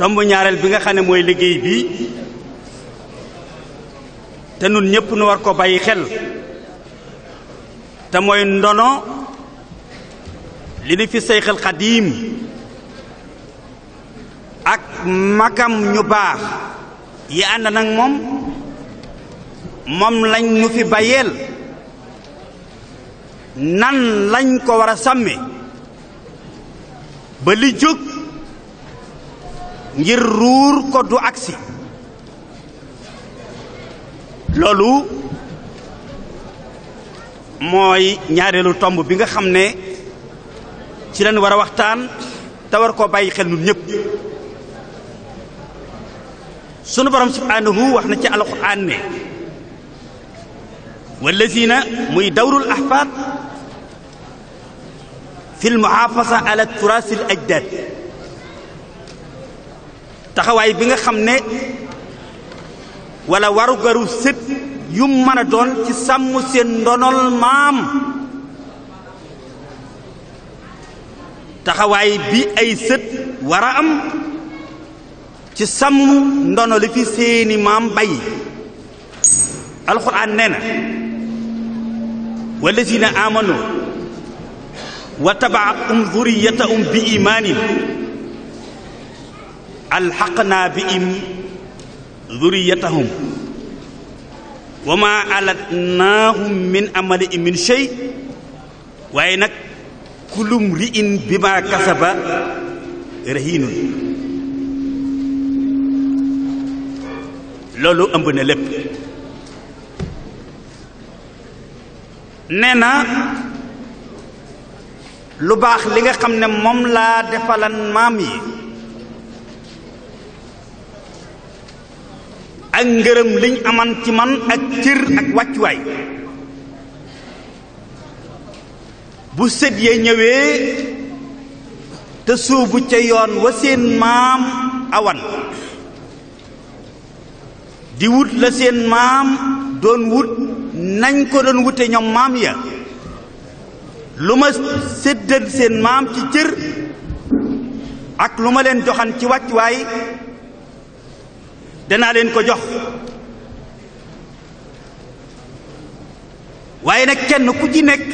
tomb ñaareel bi nga xam ne mooy liggéey bi te nun ñëpp nu war ko bàyyi xel te mooy ndono li nu fi Seyxul Xadiim ak magam ñu baax yi ànd nag moom moom lañ ñu fi bàyyeel nan lañ ko war a sàmme ba li jóg ngir ruur ko du agsi loolu mooy ñaareelu tomb bi nga xam ne ci lañ war a waxtaan te war koo bàyyi xel ñun ñëpp sunu borom subhaanahu wax na ci alxuraan ne na muy dawrul ahfaad fi lmuhaafasa ala turaasi al ajdaad taxawaay bi nga xam ne wala warugaru sët yu mën a doon ci sàmm seen ndonol maam taxawaay bi ay sët war a am ci sàmm ndono li fi seeni maam bay alxuraan nee na wallazina amanu wa tabaat um zuriyata um bi imaanin alxaqnaa bihim zuriyatahum wa ma alatnaahum min amali min shay waaye nag kulum ri'in bi ma kasaba rahiinun loolu ëmb na lépp nee na lu baax li nga xam ne moom laa defalan yi ak ngërëm liñ aman ci man ak cër ak wàccuwaay bu sët ya ñëwee te suubu ca yoon wa seen maam awan di wut la seen maam doon wut nañ ko doon wute ñoom maam ya lu ma séddal seen maam ci cër ak lu ma leen joxan ci wàccuwaay danaa leen ko jox waaye nag kenn ku ci nekk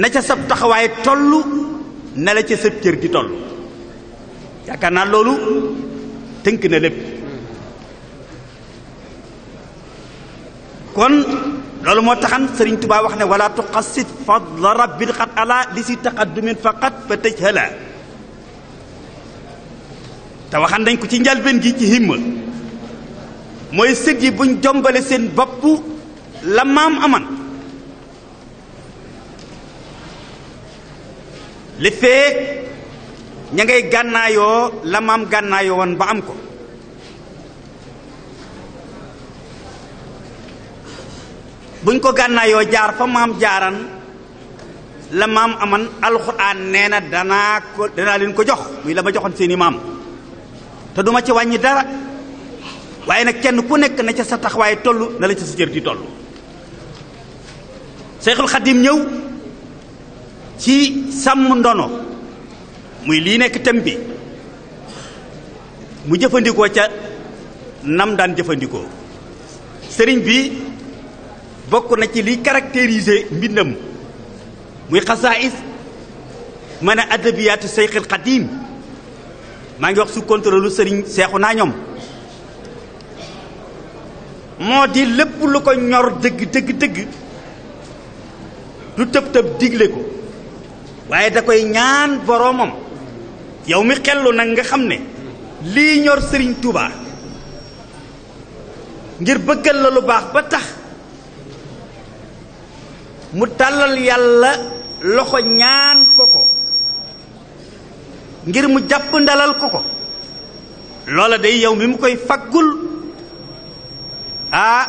na ca sab taxawaay tollu na la ca sab cër di toll yaakaar naa loolu tënk na lépp kon loolu moo taxan Sëriñ Tuubaa wax ne wala tuqasit fadla rabbil xat ala li si taqaddumin faqat fa tëj hala te waxan nañ ko ci njalbeen gi ci himma mooy sët yi buñ jombale seen bopp la maam aman li fee ngay gànnaayoo la maam gànnaayoo woon ba am ko buñ ko gànnaayoo jaar fa maam jaaran la maam aman alxuraan nee na danaa ko danaa leen ko jox muy la ma joxoon seeni maam te duma ci wàññi dara waaye nag kenn ku nekk na ca sa taxawaay toll na la ca sa cër di toll Seexul Xadim ñëw ci sàmm ndono muy lii nekk tem bi mu jëfandikoo ca nam daan jëfandikoo sëriñ bi bokk na ci liy caractériser mbindam muy xasaayis mën a adabiyaatu Seexul Xadim maa ngi wax su contrôle sëriñ seexu naa ñoom moo di lépp lu ko ñor dëgg dëgg dëgg du tëb tëb digle ko waaye da koy ñaan boroomam yow mi xellu nag nga xam ne lii ñor sëriñ Touba ngir bëggal la lu baax ba tax mu tàllal yàlla loxo ñaan ngir mu jàpp ndalal ko ko loola day yow mi mu koy faggul ah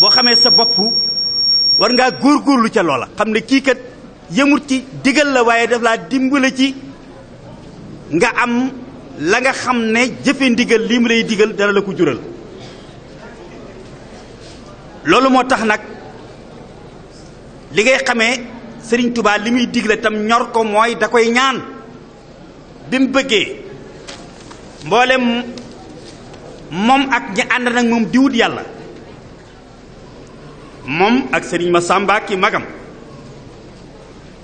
boo xamee sa bopp war ngaa góorlu ca loola xam ne kii kat yëmut ci digal la waaye daf laa dimbale ci nga am la nga xam ne jëfe ndigal lii mu lay digal dana la ko jural loolu moo tax nag li ngay xamee Sëriñ tubaab li muy digle tam ñor ko mooy da koy ñaan bi mu bëggee mboolem moom ak ñi ànd nag moom di yàlla moom ak sëriñ Masamba ki magam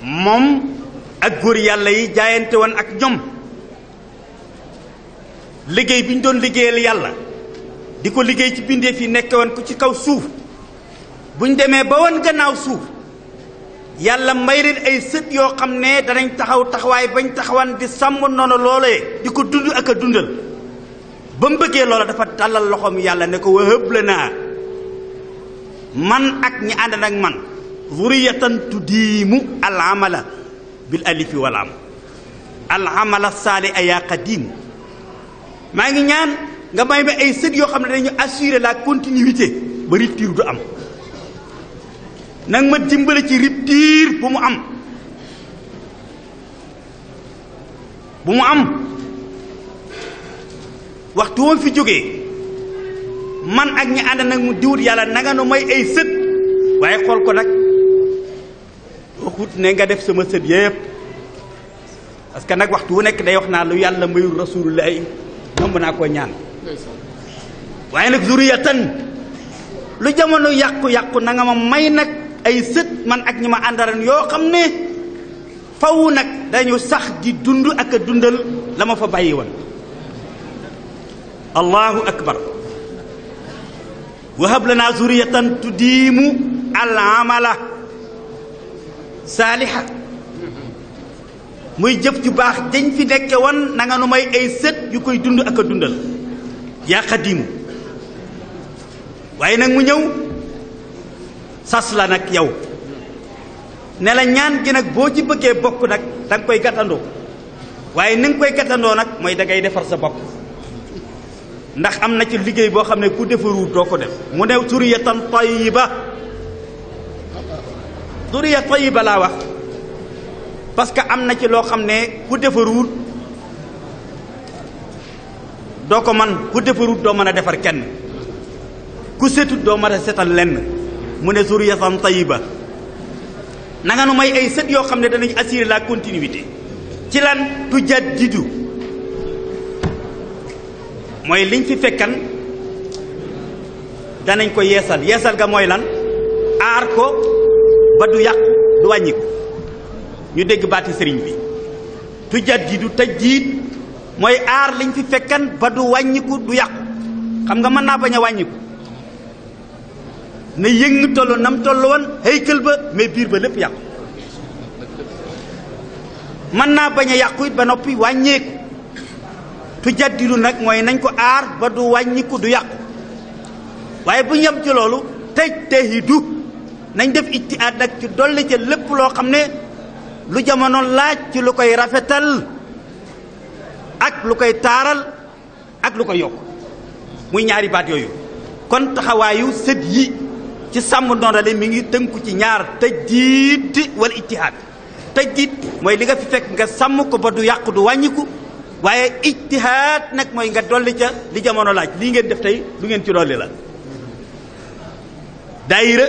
moom ak góor yàlla yi jaayante woon ak ñoom liggéey bi ñu doon liggéeyal yàlla di ko liggéey ci bindeef yi nekke woon ku ci kaw suuf bu ñu demee ba woon gannaaw suuf yàlla may leen ay sët yoo xam ne danañ taxaw taxawaay bañ taxawan di sàmm noonu loolee di ko dund ak a dundal ba mu bëggee loola dafa tàllal loxoom yàlla ne ko wahëb la naa man ak ñi ànd ak man zuriyatan tudiimu alamala bil alifi walaam alamala saali a yaa qadiim maa ngi ñaan nga may ma ay sët yoo xam ne dañu assurer la continuité ba rupture du am nag ma dimbali ci rupture bu mu am bu mu am waxtu woon fi jógee man ak ñi ànd nag mu diwut yàlla nanga nu may ay sët waaye xool ko nag waxut ne nga def sama sët yépp parce que nag waxtu wu nekk day wax naa lu yàlla mayul rasulullahi namb naa koo ñaan waaye nag zuriyatan lu jamono yàqu-yàqu na nga ma may nag ay sët man ak ñi ma àndaran yoo xam ne faw nag dañu sax di dund ak a dundal la ma fa bàyyi woon allahu akbar wahab lana zuriyatan tudiimu al amala saaliha muy jëf ju baax dañ fi nekke wan nanga nu may ay sët yu koy dund ak a dundal yaa xadiimu waaye nag mu ñëw sas la nag yow ne la ñaan gi nag boo ci bëggee bokk nag da koy gàttandoo waaye ni koy gàttandoo nag mooy da ngay defar sa bopp ndax am na ci liggéey boo xam ne ku defaru doo ko def mu new turiyatan tayyiba turiya tayyiba balaa wax parce que am na ci loo xam ne ku defaruut doo ko man ku defaruut doo mën a defar kenn ku setut doo mën a setal lenn mu ne zuriyatan tayiba nanga nu may ay sët yoo xam ne danañ assurer la continuité ci lan tu jaddidu mooy liñ fi fekkan danañ ko yeesal yeesal ga mooy lan aar ko ba du yàqu du wàññiku ñu dégg baati sëriñ bi tu taj tajdiid mooy aar liñ fi fekkan ba du wàññiku du yàqu xam nga mën naa bañ a wàññiku na yëng tollu nam tollu woon haykal ba mais biir ba lépp yàqu mën naa bañ a yàqu it ba noppi wàññeeku tu jaddidu nag mooy nañ ko aar ba du wàññiku du yàqu waaye bu ñam ci loolu tëj tehidu nañ def ittihaad nag ci dolli ca lépp loo xam ne lu jamono laaj ci lu koy rafetal ak lu koy taaral ak lu koy yokk muy ñaari baat yooyu kon taxawaayu sët yi ci sàmm ndondale mi ngi tënku ci ñaar tajdiid wala ijtihaad tajdiid mooy li nga fi fekk nga sàmm ko ba du yàq du wàññiku waaye ijtihaad nag mooy nga dolli ca li jamono laaj lii ngeen def tey lu ngeen ci dolli la daayira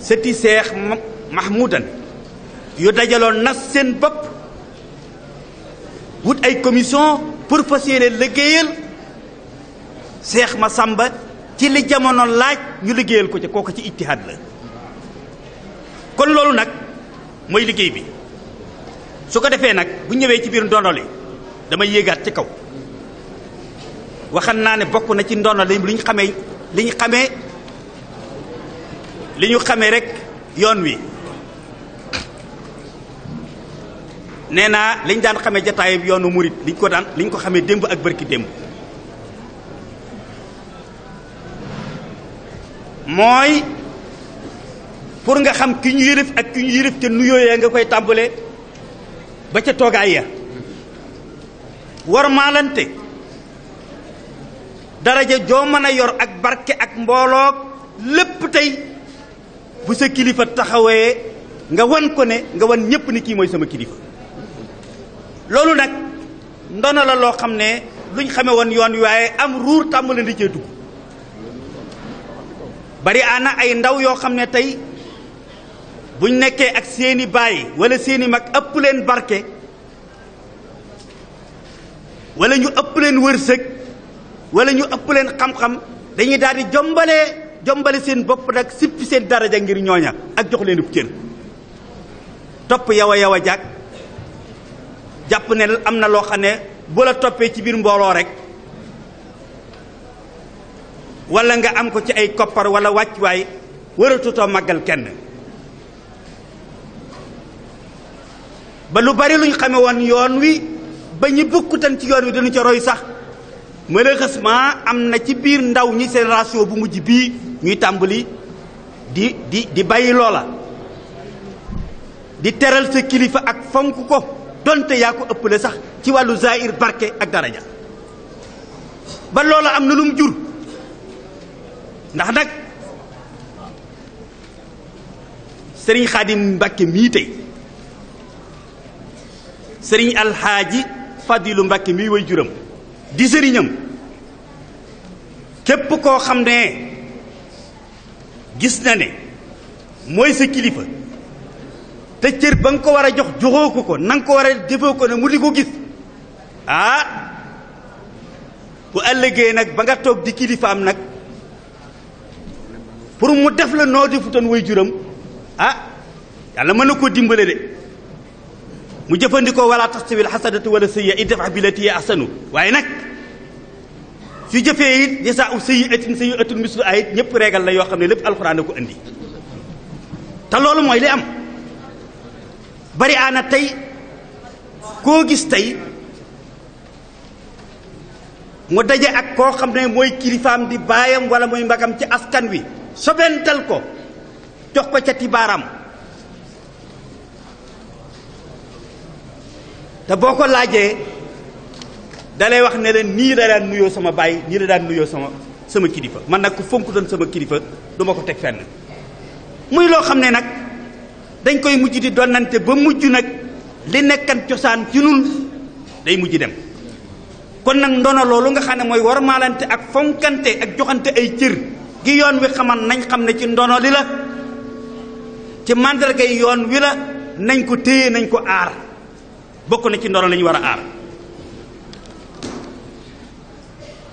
sëti seex mahmudan yu dajaloon nas seen bopp wut ay commission pour fas yéene liggéeyal seex ma sàmba ci li jamono laaj ñu liggéeyal ko ci kooku ci ijtihaad la kon loolu nag mooy liggéey bi su ko defee nag bu ñëwee ci biir ndono li damay yéegaat ci kaw waxan naa ne bokk na ci ndono li ñu xamee li ñu xamee li ñu xamee rek yoon wi nee naa liñ daan xamee jataayam yoonu murit liñ ko daan liñ ko xamee démb ak bërki démb mooy pour nga xam ki ñu yërëf ak ki ñu yërëf ca nuyoo ya nga koy tàmbale ba ca toogaay ya war maalante daraja joo mën a yor ak barke ak mbooloog lépp tey bu sa kilifa taxawee nga wan ko ne nga wan ñépp ni kii mooy sama kilifa loolu nag ndono la loo xam ne lu ñu xame woon yoon waaye am ruur tàmbale ndi cee dugg bari aana ay ndaw yoo xam ne tey buñ nekkee ak seeni baay wala seeni mag ëpp leen barke wala ñu ëpp leen wërsëg wala ñu ëpp leen xam-xam dañuy daal di jombalee jombale seen bopp nag sippi seen daraja ngir ñooña ak jox leen ub cër topp yow a yow a jàkk jàpp ne am na loo xam ne bu la toppee ci biir mbooloo rek wala nga am ko ci ay koppar walla wàccuwaay waratutoo màggal kenn ba lu bari luñ xame woon yoon wi ba ñu bukkutan ci yoon wi dañu ca roy sax malheureusement am na ci biir ndaw ñi seen ratio bu mujj bii ñuy tàmbali di di di bàyyi loola di teral sa kilifa ak fonk ko donte yaa ko ëpp ëppale sax ci wàllu zaahir barke ak daraja ba loola am na lu mu jur ndax nag sëriñ xaadim mbàkke mii tey sëriñ alxaaji fadilu mbàkke mii way juram di sëriñam képp koo xam ne gis na ne mooy sa kilifa te cër ba nga ko war a jox joxoo ko ko na ko war a defoo ko ne mu di ko gis ah bu ëllëgee nag ba nga toog di kilifaam nag pour mu def la noo defutoon way juram ah yàlla mën na koo dimbale de mu jëfandikoo wala tastawi alxasanatu wala sayyi'a idfa billati ahsanu waaye nag su jëfee it jasaa'u sayyi'atin sayyi'atun mislu ayit ñëpp régal la yoo xam ne lépp alxuraan da ko indi te loolu mooy li am bari aana tey koo gis tey mu daje ak koo xam ne mooy kilifaam di baayam wala mooy mbagam ci askan wi sobental ko jox ko cati baaraam te boo ko laajee dalay wax ne leen nii la daan nuyoo sama baay nii la daan nuyoo sama sama kilifa man nag ku fonku doon sama kilifa duma ko teg fenn muy loo xam ne nag dañ koy mujj di donante ba mujj nag li nekkan cosaan ci nun day mujj dem kon nag ndono loolu nga xam ne mooy warmaalante ak fonkante ak joxante ay cër gi yoon wi xaman nañ xam ne ci ndono li la ci màndarga yi yoon wi la nañ ko téye nañ ko aar bokk na ci ndono li ñu war a aar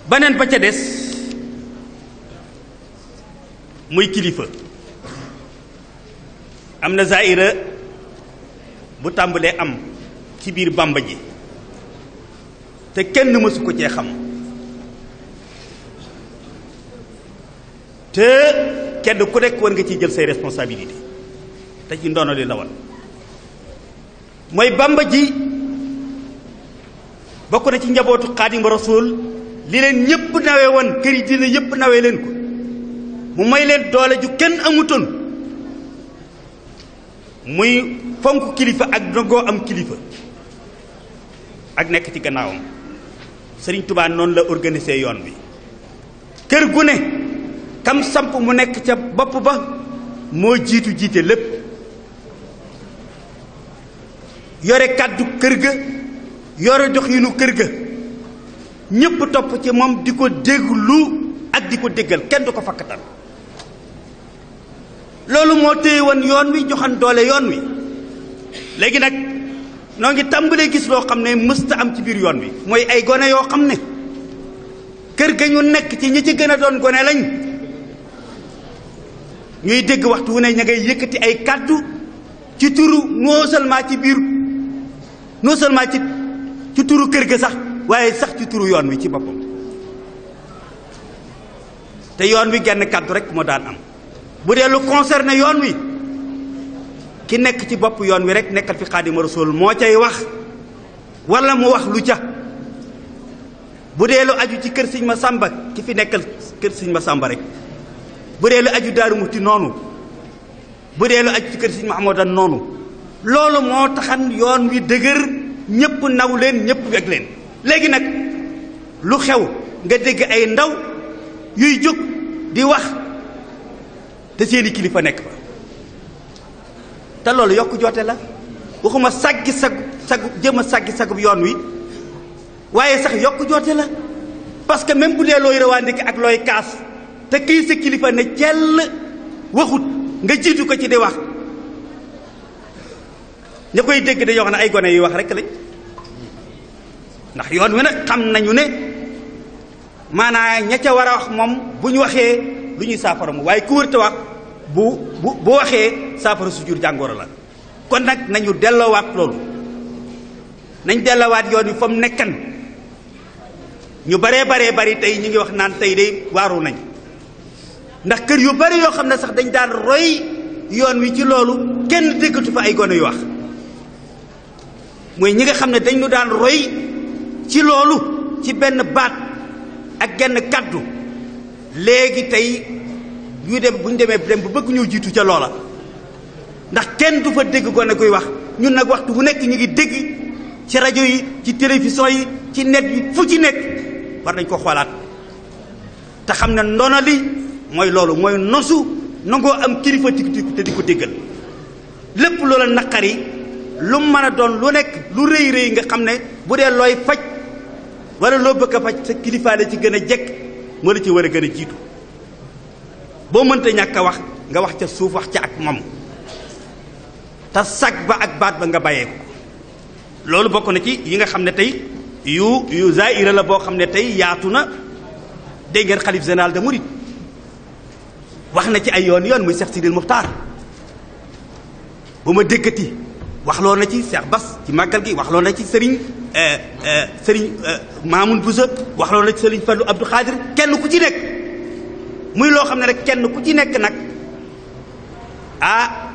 beneen ba ca des muy kilifa am na zaira bu tàmbalee am ci biir bàmba ji te kenn mësu ko cee xam te kenn ku nekk war nga ciy jël say responsabilité te ci ndono li la wan mooy bamba ji bokk na ci njabootu xaadim rasul li leen ñëpp nawe woon kër yi dina yëpp nawe leen ko mu may leen doole ju kenn amutoon muy fonk kilifa ak nangoo am kilifa ak nekk ci gannaawam sëriñ Tuubaa noonu la organise yoon bi kër gu ne kam samp mu nekk ca bopp ba moo jiitu jiite lépp yore kàddu kër ga yore doxinu kër ga ñépp topp ci moom di ko déglu ak di ko déggal kenn du ko fakkatal loolu moo téye woon yoon wi joxan doole yoon wi léegi nag noo ngi tàmbalee gis loo xam ne mësta am ci biir yoon wi mooy ay gone yoo xam ne kër ga ñu nekk ci ñi ci gën a doon gone lañ ñuy dégg waxtu wu ne ña ngay yëkkati ay kàddu ci turu non ci biir non ci ci turu kër ga sax waaye sax ci turu yoon wi ci boppam te yoon wi genn kàddu rek moo daan am bu dee lu concerné yoon wi ki nekk ci bopp yoon wi rek nekkal fi Xaadimu Rasuul moo cay wax walla mu wax lu ca bu dee lu aju ci kër Sëñ Masamba ki fi nekkal kër Sëñ Masamba rek bu dee lu aju daaru muti noonu bu dee lu aju ci kër Sëñ Mahmoudan noonu loolu moo taxan yoon wi dëgër ñëpp naw leen ñëpp weg leen léegi nag lu xew nga dégg ay ndaw yuy jóg di wax te seeni kilifa nekk fa te loolu yokk joote la waxuma sàggi sag sagu jëm a sàggi sagub yoon wi waaye sax yokk joote la parce que même bu dee looy revendiquer ak looy kaas te kii sa kilifa ne cell waxut nga jiitu ko ci di wax ña koy dégg dañoo xam ne ay gone yu wax rek lañ ndax yoon wi nag xam nañu ne maanaa ña ca war a wax moom bu ñu waxee lu ñuy saafara mu waaye ku wër wax bu bu bu waxee saafara su jur jàngoro la kon nag nañu delloowaat loolu nañ delloowaat yoon wi fa nekkan ñu baree baree bari tey ñu ngi wax naan tey de waaru nañ ndax kër yu bari yoo xam ne sax dañ daan roy yoon wi ci loolu kenn déggatu fa ay gone yu wax mooy ñi nga xam ne dañu daan roy ci loolu ci benn baat ak genn kàddu léegi tey ñu dem bu ñu demee dem bu bëgg ñëw jiitu ca loola ndax kenn du fa dégg gone kuy wax ñun nag waxtu bu nekk ñu ngi dégg ci rajo yi ci télévision yi ci net yi fu ci nekk war nañ ko xoolaat te xam ne ndona li mooy loolu mooy nosu nangoo am kilifa te di ko déggal lépp loola naqari lu mën a doon lu nekk lu rëy rëy nga xam ne bu dee looy faj wala loo bëgg a faj sa kilifaa la ci gën a jekk moo la ci war a gën a jiitu boo mënta ñàkk wax nga wax ca suuf ca ak moom te sag ba ak baat ba nga bàyyee loolu bokk na ci yi nga xam ne tey yu yu zaira la boo xam ne tey yaatu na dégg ngeen xalif général de Mouride. wax na ci ay yoon yoon muy Cheikh Sidil Muxtaar bu ma wax waxloo na ci Cheikh Bas ci màggal gi waxloo na ci sëriñ euh, euh, sëriñ euh, Mamoun Bousso waxloo na ci sëriñ Fallou Abdou Khadir kenn ku ci nekk muy loo xam ne rek kenn ku ci nekk nag ah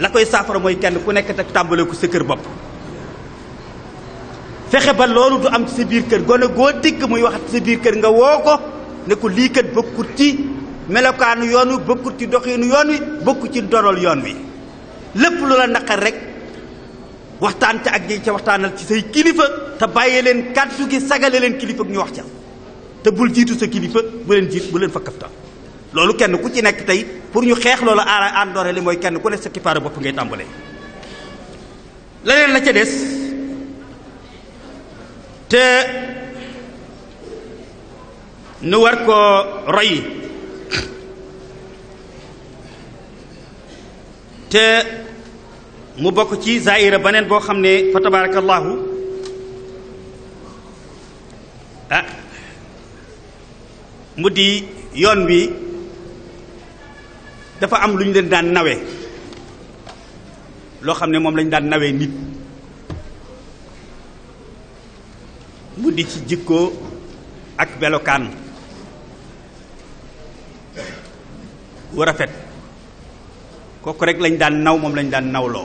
la koy saafara mooy kenn ku nekk nag tàmbale ko sa kër bopp fexe ba loolu du am ci sa biir kër gone goo dikk muy wax ci sa biir kër nga woo ko ne ko lii kat bokkut ci melokaanu yoon wi bokkut ci doxiinu yoon wi bokkut ci dorol yoon wi lépp lu la naqar rek waxtaan ca ak ñi ca waxtaanal ci say kilifa te bàyyee leen kàddu gi sagale leen kilifa ñu wax ca te bul jiitu sa kilifa bu leen jiit bu leen fa kaftal loolu kenn ku ci nekk tey pour ñu xeex loolu aara àndoore li mooy kenn ku ne sa kipaaru bopp ngay tàmbalee. leneen la ca des te nu war ko roy te mu bokk ci zaira beneen boo xam ne fa tabaarakallaahu ah mu di yoon wi dafa am lu ñu leen daan nawe loo xam ne moom lañu daan nawe nit mu di ci jikko ak melokaan wu rafet kooku rekk lañu daan naw moom lañu daan nawloo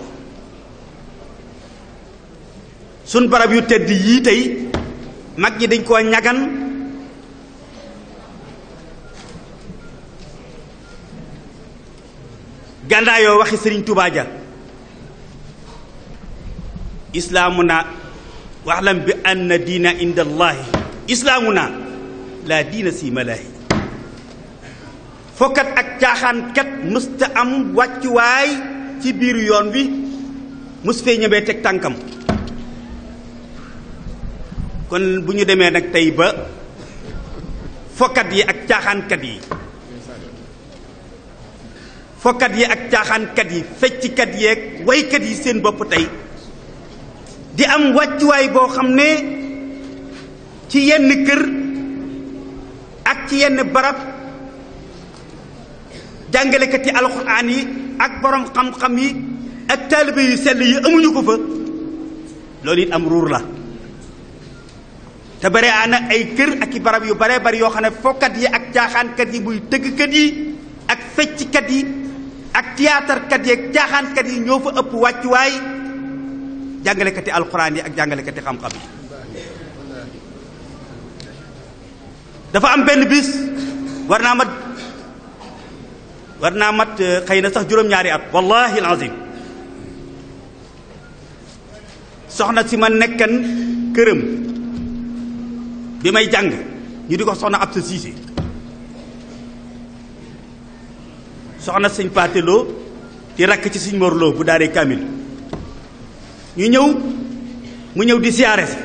suñ barab yu tedd yii tey mag ñi dañ koo ñagan gàndaayoo waxi sëriñ Tuubaa ja islaamu na waxlam bi ann diina inda allahi islaamu na laa diina si fokkat ak caaxaankat mësta am wàccuwaay ci biir yoon wi mës fee ñëwee teg tànkam kon bu ñu demee nag tey ba fokkat yi ak caaxaankat yi fokkat yi ak caaxaankat yi fecckat yeeg waykat yi seen bopp tey di am wàccuwaay boo xam ne ci yenn kër ak ci yenn barab jàngalekat yi alxuraan yi ak borom xam-xam yi ak taalibe yu sell yi amuñu ko fa loolu it am ruur la te bare ana ay kër ak i barab yu baree bari yoo xam ne fokkat yi ak caaxaankat yi muy tëggkat yi ak fecckat yi ak tiyaatarkat yi ak caaxaankat yi ñoo fa ëpp wàccuwaay jàngalekati alxuraan yi ak jàngalekati xam-xam yi dafa am benn bis war naa ma war naa mat euh, xëy na sax juróom-ñaari at wallahi alazim soxna si ma nekkan këram bi may jàng ñu di ko soxna ab sa siise soxna sëñ paateloo di rakk ci sëñ morloo bu daaree kaamil ñu ñëw mu ñëw di siyaare si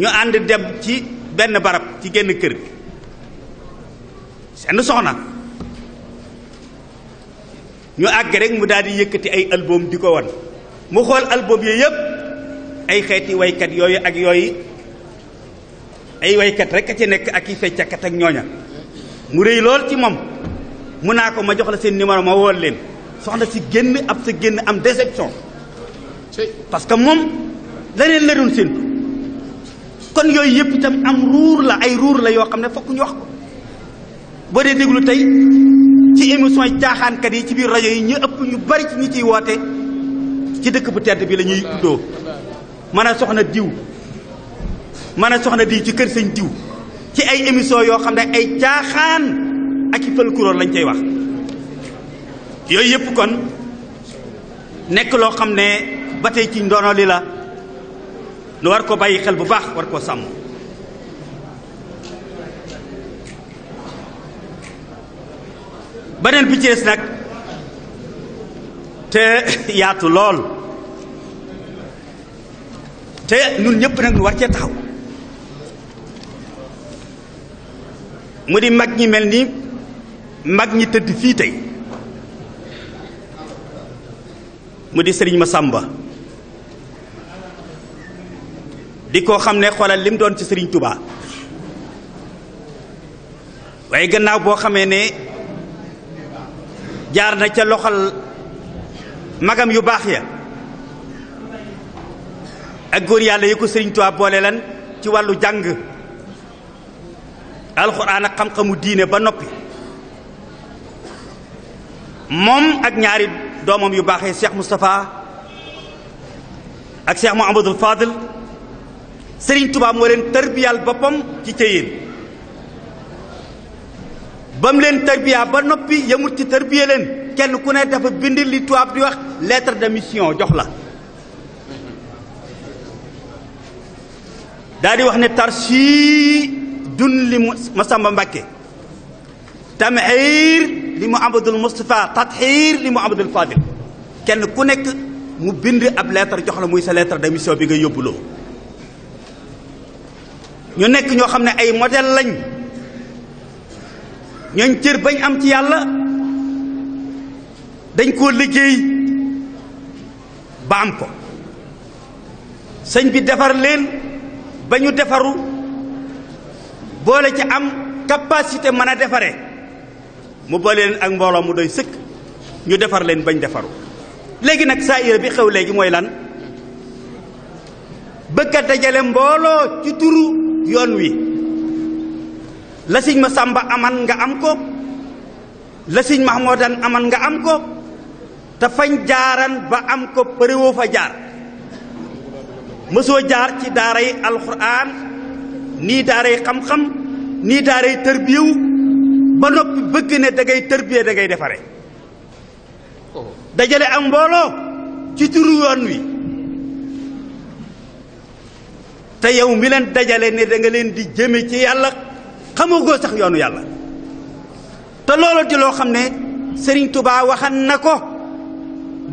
ñu ànd dem ci benn barab ci genn kër seen soxna ñu àgg rek mu daal di yëkkati ay album di ko wan mu xool album yooyu yëpp ay xeeti waykat yooyu ak yooyu ay waykat rek a ci nekk ak i feccakat ak ñooña mu rëy lool ci moom mu naa ko ma jox la seen numéro ma wool leen soxna si génn ab sa génn am déception parce que moom leneen la doon séentu kon yooyu yëpp itam am ruur la ay ruur la yoo xam ne fokk ñu wax ko boo dee déglu tey ci émission yi caaxaankat yi ci biir rajo yi ñu ëpp ñu bari ci ñu ciy woote ci dëkk bu tedd bi la ñuy tuddoo mën a soxna diw mën a soxna diw ci kër sëñ diw ci ay émission yoo xam ne ay caaxaan ak i fëlkuróor lañ cay wax yooyu yëpp kon nekk loo xam ne ba tey ci ndono li la nu war ko bàyyi xel bu baax war ko sàmm beneen bi ci nag te yaatu lool te ñun ñëpp nag ñu war cee taxaw mu di mag ñi mel ni mag ñi tëdd fii tey mu di sëriñ Masamba di koo xam ne xoolal lim doon ci sëriñ Touba waaye gannaaw boo xamee ne. jaar na ca loxal magam yu baax ya ak góor yàlla yi ko sëriñ Tuubaa boole lan ci wàllu jàng alxuraan ak xam-xamu diine ba noppi moom ak ñaari doomam yu baaxee Cheikh Moustapha ak Cheikh Mouhamadoul Fadil sëriñ Tuubaa moo leen tarbiyal boppam ci Ceyeen ba mu leen tarbiya ba noppi yemul ci tarbiya leen kenn ku ne dafa bind li tubaab di wax lettre de mission jox la daal di wax ne tarsi dun li Masamba Mbàkke tamxiir li mu Muhammadul Moustapha tatxiir li mu Muhammadul Fadil kenn ku nekk mu bind ab lettre jox la muy sa lettre de mission bi nga yóbbuloo ñu nekk ñoo xam ne ay modèle lañ ñooñ cër bañ am ci yàlla dañ koo liggéey ba am ko sëñ bi defar leen ba ñu defaru boole ci am te mën a defare mu boole leen ak mbooloo mu doy sëkk ñu defar leen bañ defaru léegi nag saa ira bi xew léegi mooy lan bëgg a dajale mbooloo ci turu yoon wi la ma Masamba aman nga am ko lasiñ ma sëñ Mahmoodan aman nga am ko te fañ jaaran ba am ko përéwoo fa jaar mësoo jaar ci daara yi alxuraan nii daara yi xam-xam nii daara yi tërbiyewu ba noppi bëgg ne da ngay tërbiye defare dajale am mbooloo ci turu wi te yow mi leen dajale ne danga leen di jëme ci yàlla xamugoo sax yoonu yàlla te loolu di loo xam ne Serigne Touba waxan na ko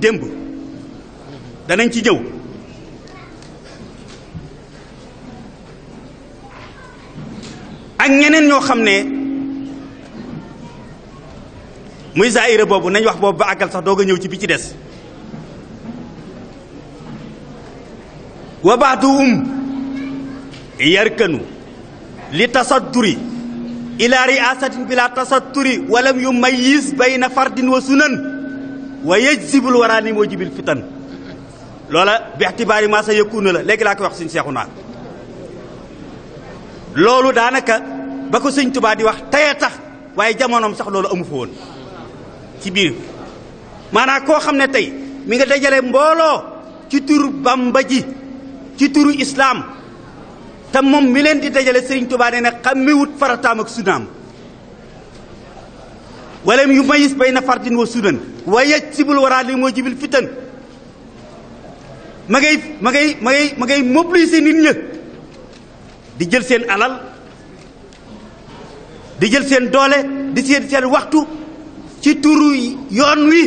démb danañ ci ñëw ak ñeneen ñoo xam ne muy zaire boobu nañ wax boobu ba àggal sax doog a ñëw ci bi ci des wa baadu um yarkanu li tasadduri ila riasatin bila tasatturi walam yu mayis bayna fardin wa sunan wa yajsibul waraani moo jibil fitan loola bi ixtibaari ma sa la léegi laa koy wax suñ seexu naa loolu daanaka ba ko sëñ tubaa di wax teye tax waaye jamonoom sax loolu amu fa woon ci biir maanaam koo xam ne tey mi nga dajale mbooloo ci turu bamba ji ci turu islaam te moom mi leen di dajale sëriñ Tuubaa nee na xàmmiwut farataam ak sunaam walam yu mayis bayna fardin wa sunan wa yajsibul waraa li moo jibil fitan ma ngay ma ngay ma ngay ma ngay mobiliser nit ña di jël seen alal di jël seen doole di seen seen waxtu ci turu yoon wi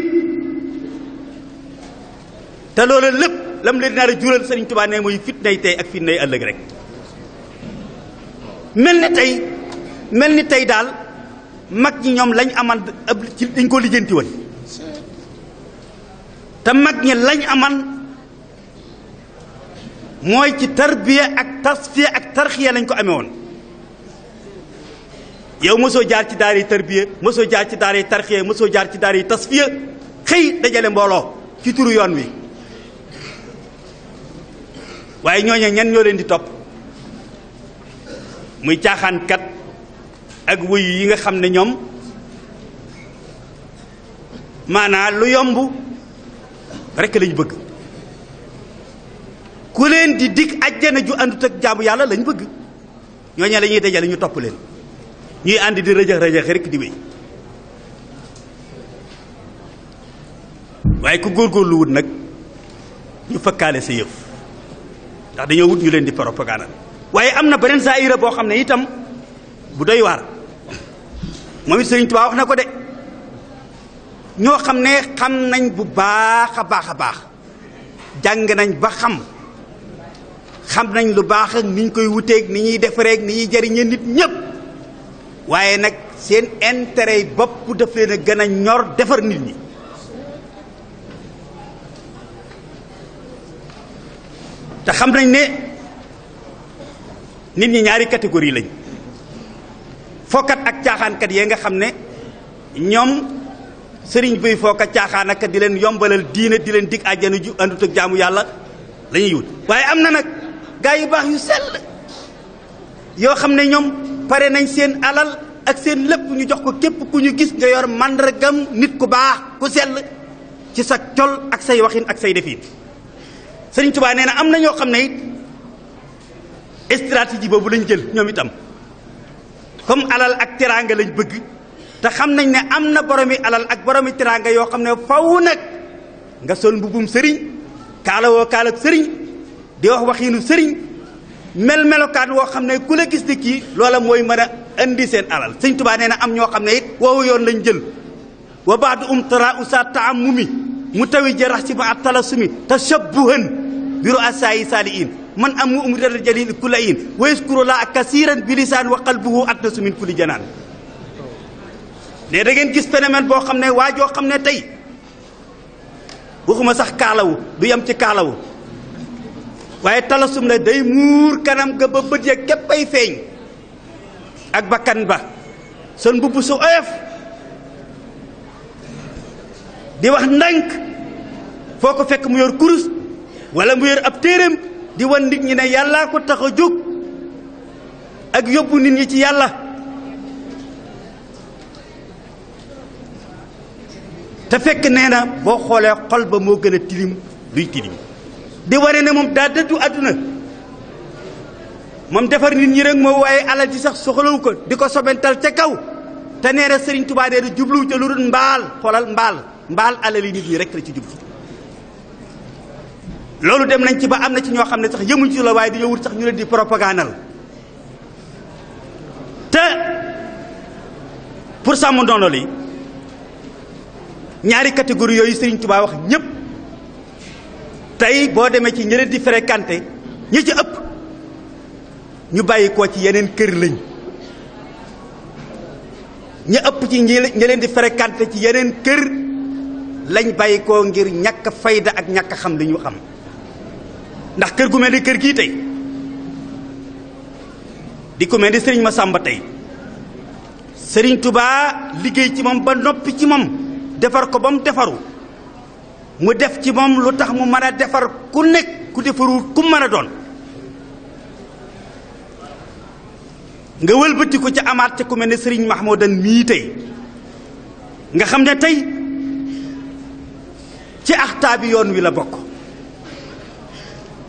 te loolu lépp lam leen naar a jural Sëriñ Tuubaa ne mooy fitnay tey ak fitnay ëllëg rek mel ni tey mel ni tey daal mag ñi ñoom lañ aman ab ci dañ ko lijjanti woon te mag ñi lañ aman mooy ci tarbiya ak tasfiya ak tarxiya lañ ko amee yow mosoo jaar ci daara yi tarbiya mosoo jaar ci daara yi tarxiya mosoo jaar ci daar yi tasfiya xëy dajale mbooloo ci turu yoon wi waaye ñooñu ñan ñoo leen di topp muy caaxaankat ak wëyu yi nga xam ne ñoom maanaa lu yomb rekk lañ bëgg ku leen di dig ajjana ju àndut ak jaamu yàlla lañ bëgg ñoo la ñuy dajale ñu topp leen ñuy ànd di rëjëx rëjëx rekk di wéy waaye ku góorgóorlu wut nag ñu fakkaale sa yëf ndax dañoo wut ñu leen di propagande waaye am na saa zaahira boo xam ne itam bu doy waar moom it Sëriñ Tuubaa wax na ko de ñoo xam ne xam nañ bu baax a baax a baax jàng nañ ba xam xam nañ lu baax ak ni ñu koy wuteeg ni ñuy defareeg ni ñuy jariñe nit ñépp waaye nag seen intérêt yi bopp daf leen a gën a ñor defar nit ñi te xam nañ ne nit ñi ñaari catégorie lañ fookat ak caaxaankat yee nga xam ne ñoom sëriñ buy fooka caaxaanakat di leen yombalal diine di leen dig àjjana ju àndut ak jaamu yàlla la ñuy waaye am na nag gaa yu baax yu sell yoo xam ne ñoom pare nañ seen alal ak seen lépp ñu jox ko képp ku ñu gis nga yor màndargam nit ku baax ku sell ci sa col ak say waxin ak say defin sëriñ Tuubaa nee na am na ñoo xam ne it stratégie boobu lañu jël ñoom itam comme alal ak teraanga lañ bëgg te xam nañ ne am na boromi alal ak boromi teraanga yoo xam ne faw nag nga sol mbubum sëriñ kaalawoo kaalak sëriñ di wax waxiinu sëriñ mel melokaan woo xam ne ku la gis ni kii loola mooy mën a indi seen alal sëñ tubaa nee na am ñoo xam ne it woowu yoon lañ jël wa baadu um tara usa taamumi mu tawi jarax si ma at talasumi tashabbuhan bi ru'asaa'i saalihiin man am mu umrital jalil kulla in wa yaskuru laa kasiran bi lisaan wa qalbuhu atnasu min kulli janaan léegi da ngeen gis phénomène boo xam ne waa joo xam ne tey waxuma sax kaalawu du yem ci kaalawu waaye talasum la day muur kanam ga ba bët ya képp ay feeñ ak bakkan ba son mbubb su oyof di wax ndànk foo ko fekk mu yor kurus walla mu yor ab téeram di wan nit ñi ne yàllaa ko tax a jóg ak yóbbu nit ñi ci yàlla te fekk nee na boo xoolee xol ba moo gën a tilim luy tilim di wane na moom daa àdduna moom defar nit ñi rek moo waaye alal ji sax soxlawu ko di ko sobental ca kaw te nee na Sëriñ Tubaa nee na jubluwu ca lu dul mbaal xolal mbaal mbaal alal yi nit ñi rek la ci jublu loolu dem nañ ci ba am na ci ñoo xam ne sax yëmuñ ci la waaye dañoo wut sax ñu leen di propagandal te pour sàmm ndono li ñaari catégorie yooyu Serigne Touba wax ñëpp tey boo demee ci ñi leen di fréquenté ñi ci ëpp ñu bàyyi ko ci yeneen kër lañ ñi ëpp ci ñi leen di fréquenté ci yeneen kër lañ bàyyi ko ngir ñàkk fayda ak ñàkk xam li ñu xam ndax kër gu mel ni kër gii tey di ko mel ni sëriñ Massamba tey sëriñ tubaa liggéey ci moom ba noppi ci moom defar ko ba mu defaru mu def ci moom lu tax mu mën a defar ku nekk ku defaru ku mën a doon nga wëlbati ko ci amaat ca ku mel ne sëriñ Mahmoudan mii tey nga xam ne tey ci axtaabi yoon wi la bokk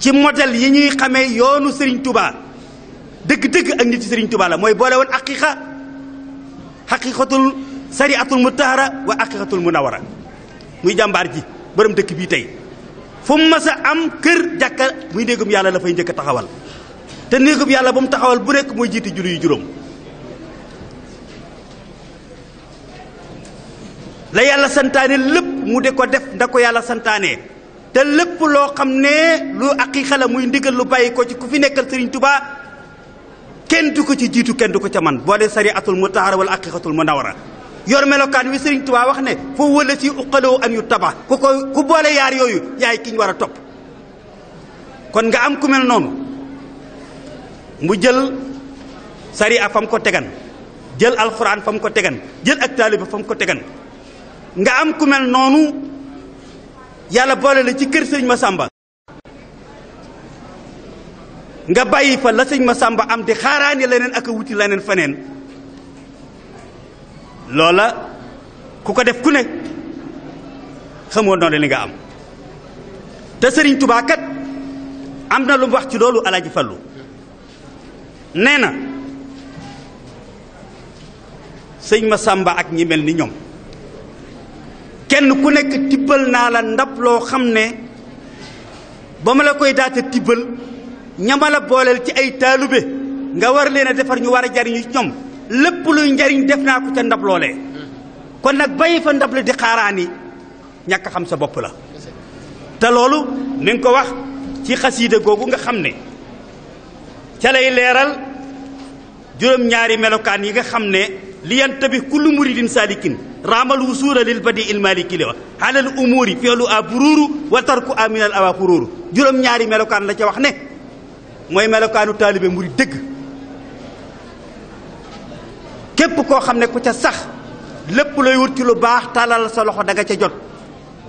ci modèle yi ñuy xamee yoonu sëriñ Touba dëgg-dëgg ak nit sëriñ Touba la mooy boole woon aqiqa xaqiqatul sariatul mutahara wa aqiqatul munawara muy jàmbaar ji borom dëkk bii tey fu mu mas am kër jàkka muy néegum yàlla dafay fay njëkk taxawal te néegum yàlla ba mu taxawal bu nekk mooy jiiti julli yu juróom la yàlla santaane lépp mu de ko def nda ko yàlla santaane te lépp loo xam ne lu aqiqa la muy ndigal lu bàyyi ko ci ku fi nekkal Sëriñ tubaa kenn du ko ci jiitu kenn du ko ca man boole sariatul mutahara wala aqiqatul munawara yor melokaan wi Sëriñ Tuubaa wax ne foofu wala si uqaloo yu tabax ku ko ku boole yaar yooyu yaay ki ñu war a topp kon nga am ku mel noonu mu jël sariya fa mu ko tegan jël alxuraan fa mu ko tegan jël ak taaliba fa mu ko tegan nga am ku mel noonu yàlla boole la ci kër sëñ Masamba nga bàyyi fa la sëñ Masamba am di xaaraani leneen ak a wuti leneen feneen loola ku ko def ku ne xamoo noonu li nga am te sëriñ tubaakat kat am na lu mu wax ci loolu Alaaji Fallu nee na sëñ Masamba ak ñi mel ni ñoom kenn ku nekk tibbal naa la ndab loo xam ne ba ma la koy daata tibbal ñama la booleel ci ay taalube nga war leen a defar ñu war a jariñu ñoom lépp njariñ def naa ko ca ndab kon nag bàyyi fa ndab la di xaaraani ñàkk xam sa bopp la te loolu ni ko wax ci xasiida googu nga xam ne ca lay leeral juróom-ñaari melokaan yi nga xam ne liyantabi kullu muridin salikin raamal wusuula lil badi il maliki li wa alal umuuri fi'lu a buruuru wa tarku a minal awa xuruuru juróom ñaari melokaan la ca wax ne mooy melokaanu taalibe murid dëgg képp koo xam ne ku ca sax lépp looy wut ci lu baax talal sa loxo da nga ca jot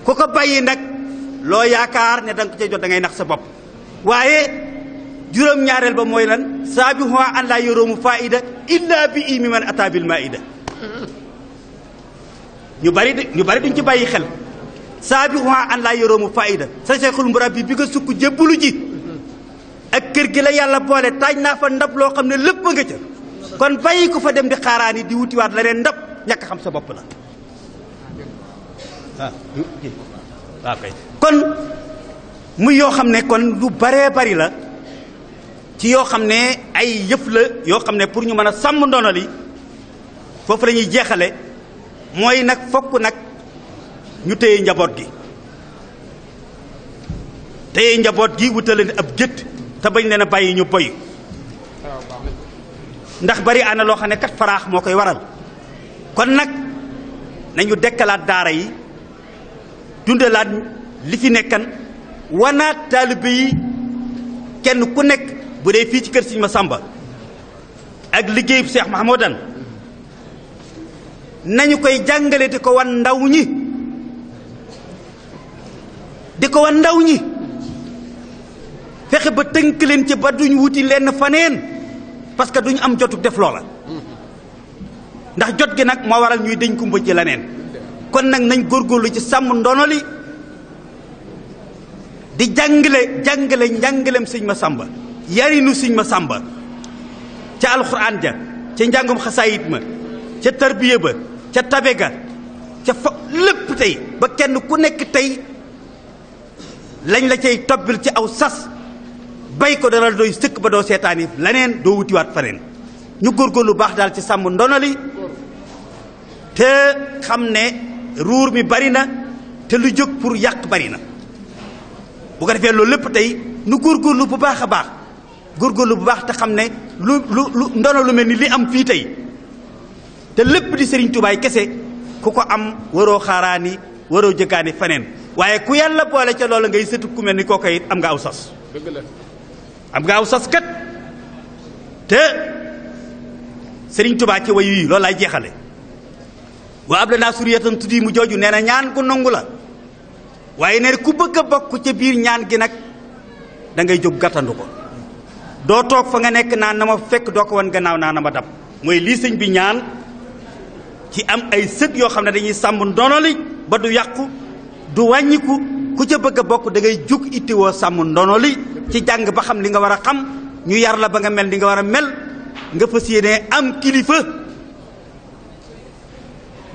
ku ko bàyyi nag loo yaakaar ne danga nga ca jot da ngay nax sa bopp waaye juróom-ñaareel ba mooy lan saabihu an laa yoroomu faida illa bi i mi man ata bil maida ñu bari ñu bari duñ ci bàyyi xel saabihu an laa yoroomu faida sa cheikhul murabbi bi nga sukk jébbalu ji ak kër gi la yàlla boole taaj naa fa ndab loo xam ne lépp nga ca kon bàyyi ko fa dem di xaaraani di wutiwaat leneen ndab ñàkk xam sa bopp la waaw kon muy yoo xam ne kon lu baree bari la ci yoo xam ne ay yëf la yoo xam ne pour ñu mën a sàmm ndono li foofu lañuy jeexale mooy nag fokk nag ñu téye njaboot gi téye njaboot gi wutale ab gétt te bañ leen a bàyyi ñu boy ndax bari ana loo xam ne kat faraax moo koy waral kon nag nañu dekkalaat daara yi dundalaat li fi nekkan wanaat taalibe yi kenn ku nekk bu dee fii ci kër ma Masamba ak seex ma Cheikh Mahmoudan nañu koy jàngale di ko wan ndaw ñi di ko wan ndaw ñi fexe ba tënk leen ci ba duñ wuti lenn faneen parce que duñ am jotu def loola ndax jot gi nag moo waral ñuy dañ kumba ci leneen kon nag nañ góorgóorlu ci sàmm ndono li di jàngale jàngale njàngaleem sëñ sàmba yarinu sëñ ma sàmba ca alxuraan ja ca njàngum xasaayit ma ca tarbiya ba ca tabe ga ca fa lépp tey ba kenn ku nekk tey lañ la cay tobbil ci aw sas bay ko dara doy sëkk ba doo seetaani leneen doo wutiwaat faneen ñu lu baax daal ci sàmm ndonali te xam ne ruur mi bari na te lu jóg pour yàq bari na bu ko defee loolu lépp tey nu lu bu baax a baax góor góorgóorlu bu baax te xam ne lu lu lu ndono lu mel ni li am fii tey te lépp di sëriñ tubaay kese ku ko am waroo xaaraani waroo jëkkaani feneen waaye ku yàlla boole ca loola ngay sëtu ku mel ni am nga aw sas. dëgg nga aw sas te Serigne Touba ci way yii loolu laay jeexale waa ab la naa suriyatan tuddi mu jooju nee na ñaan ku nangu la waaye nee ku bëgg a bokk ca biir ñaan gi nag dangay jóg gàttandu ko. doo toog fa nga nekk naan na ma fekk doo ko wan gannaaw naa na ma dab mooy lii sëñ bi ñaan ci am ay sët yoo xam ne dañuy sàmm ndono ba du yàqu du wàññiku ku ca bëgg a bokk dangay ngay jug ittiwoo sàmm ndono li ci jàng ba xam li nga war a xam ñu yar la ba nga mel ni nga war a mel nga fa yéene am kilifa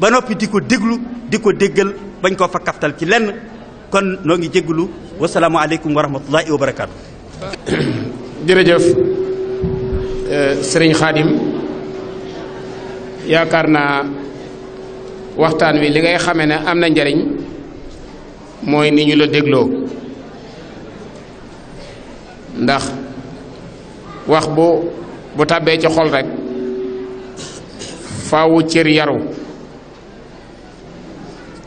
ba noppi di ko déglu di ko déggal bañ koo fa kaftal ci lenn kon noo ngi jéglu wasalaamu aleykum wa rahmatullahi wa barakaatu. jërëjëf eh, sëriñ Xaadim yaakaar naa waxtaan wi li ngay xamee ne am na njariñ mooy ni ñu la dégloo ndax wax bu bu tàbbee ci xol rekk faawu cër yaru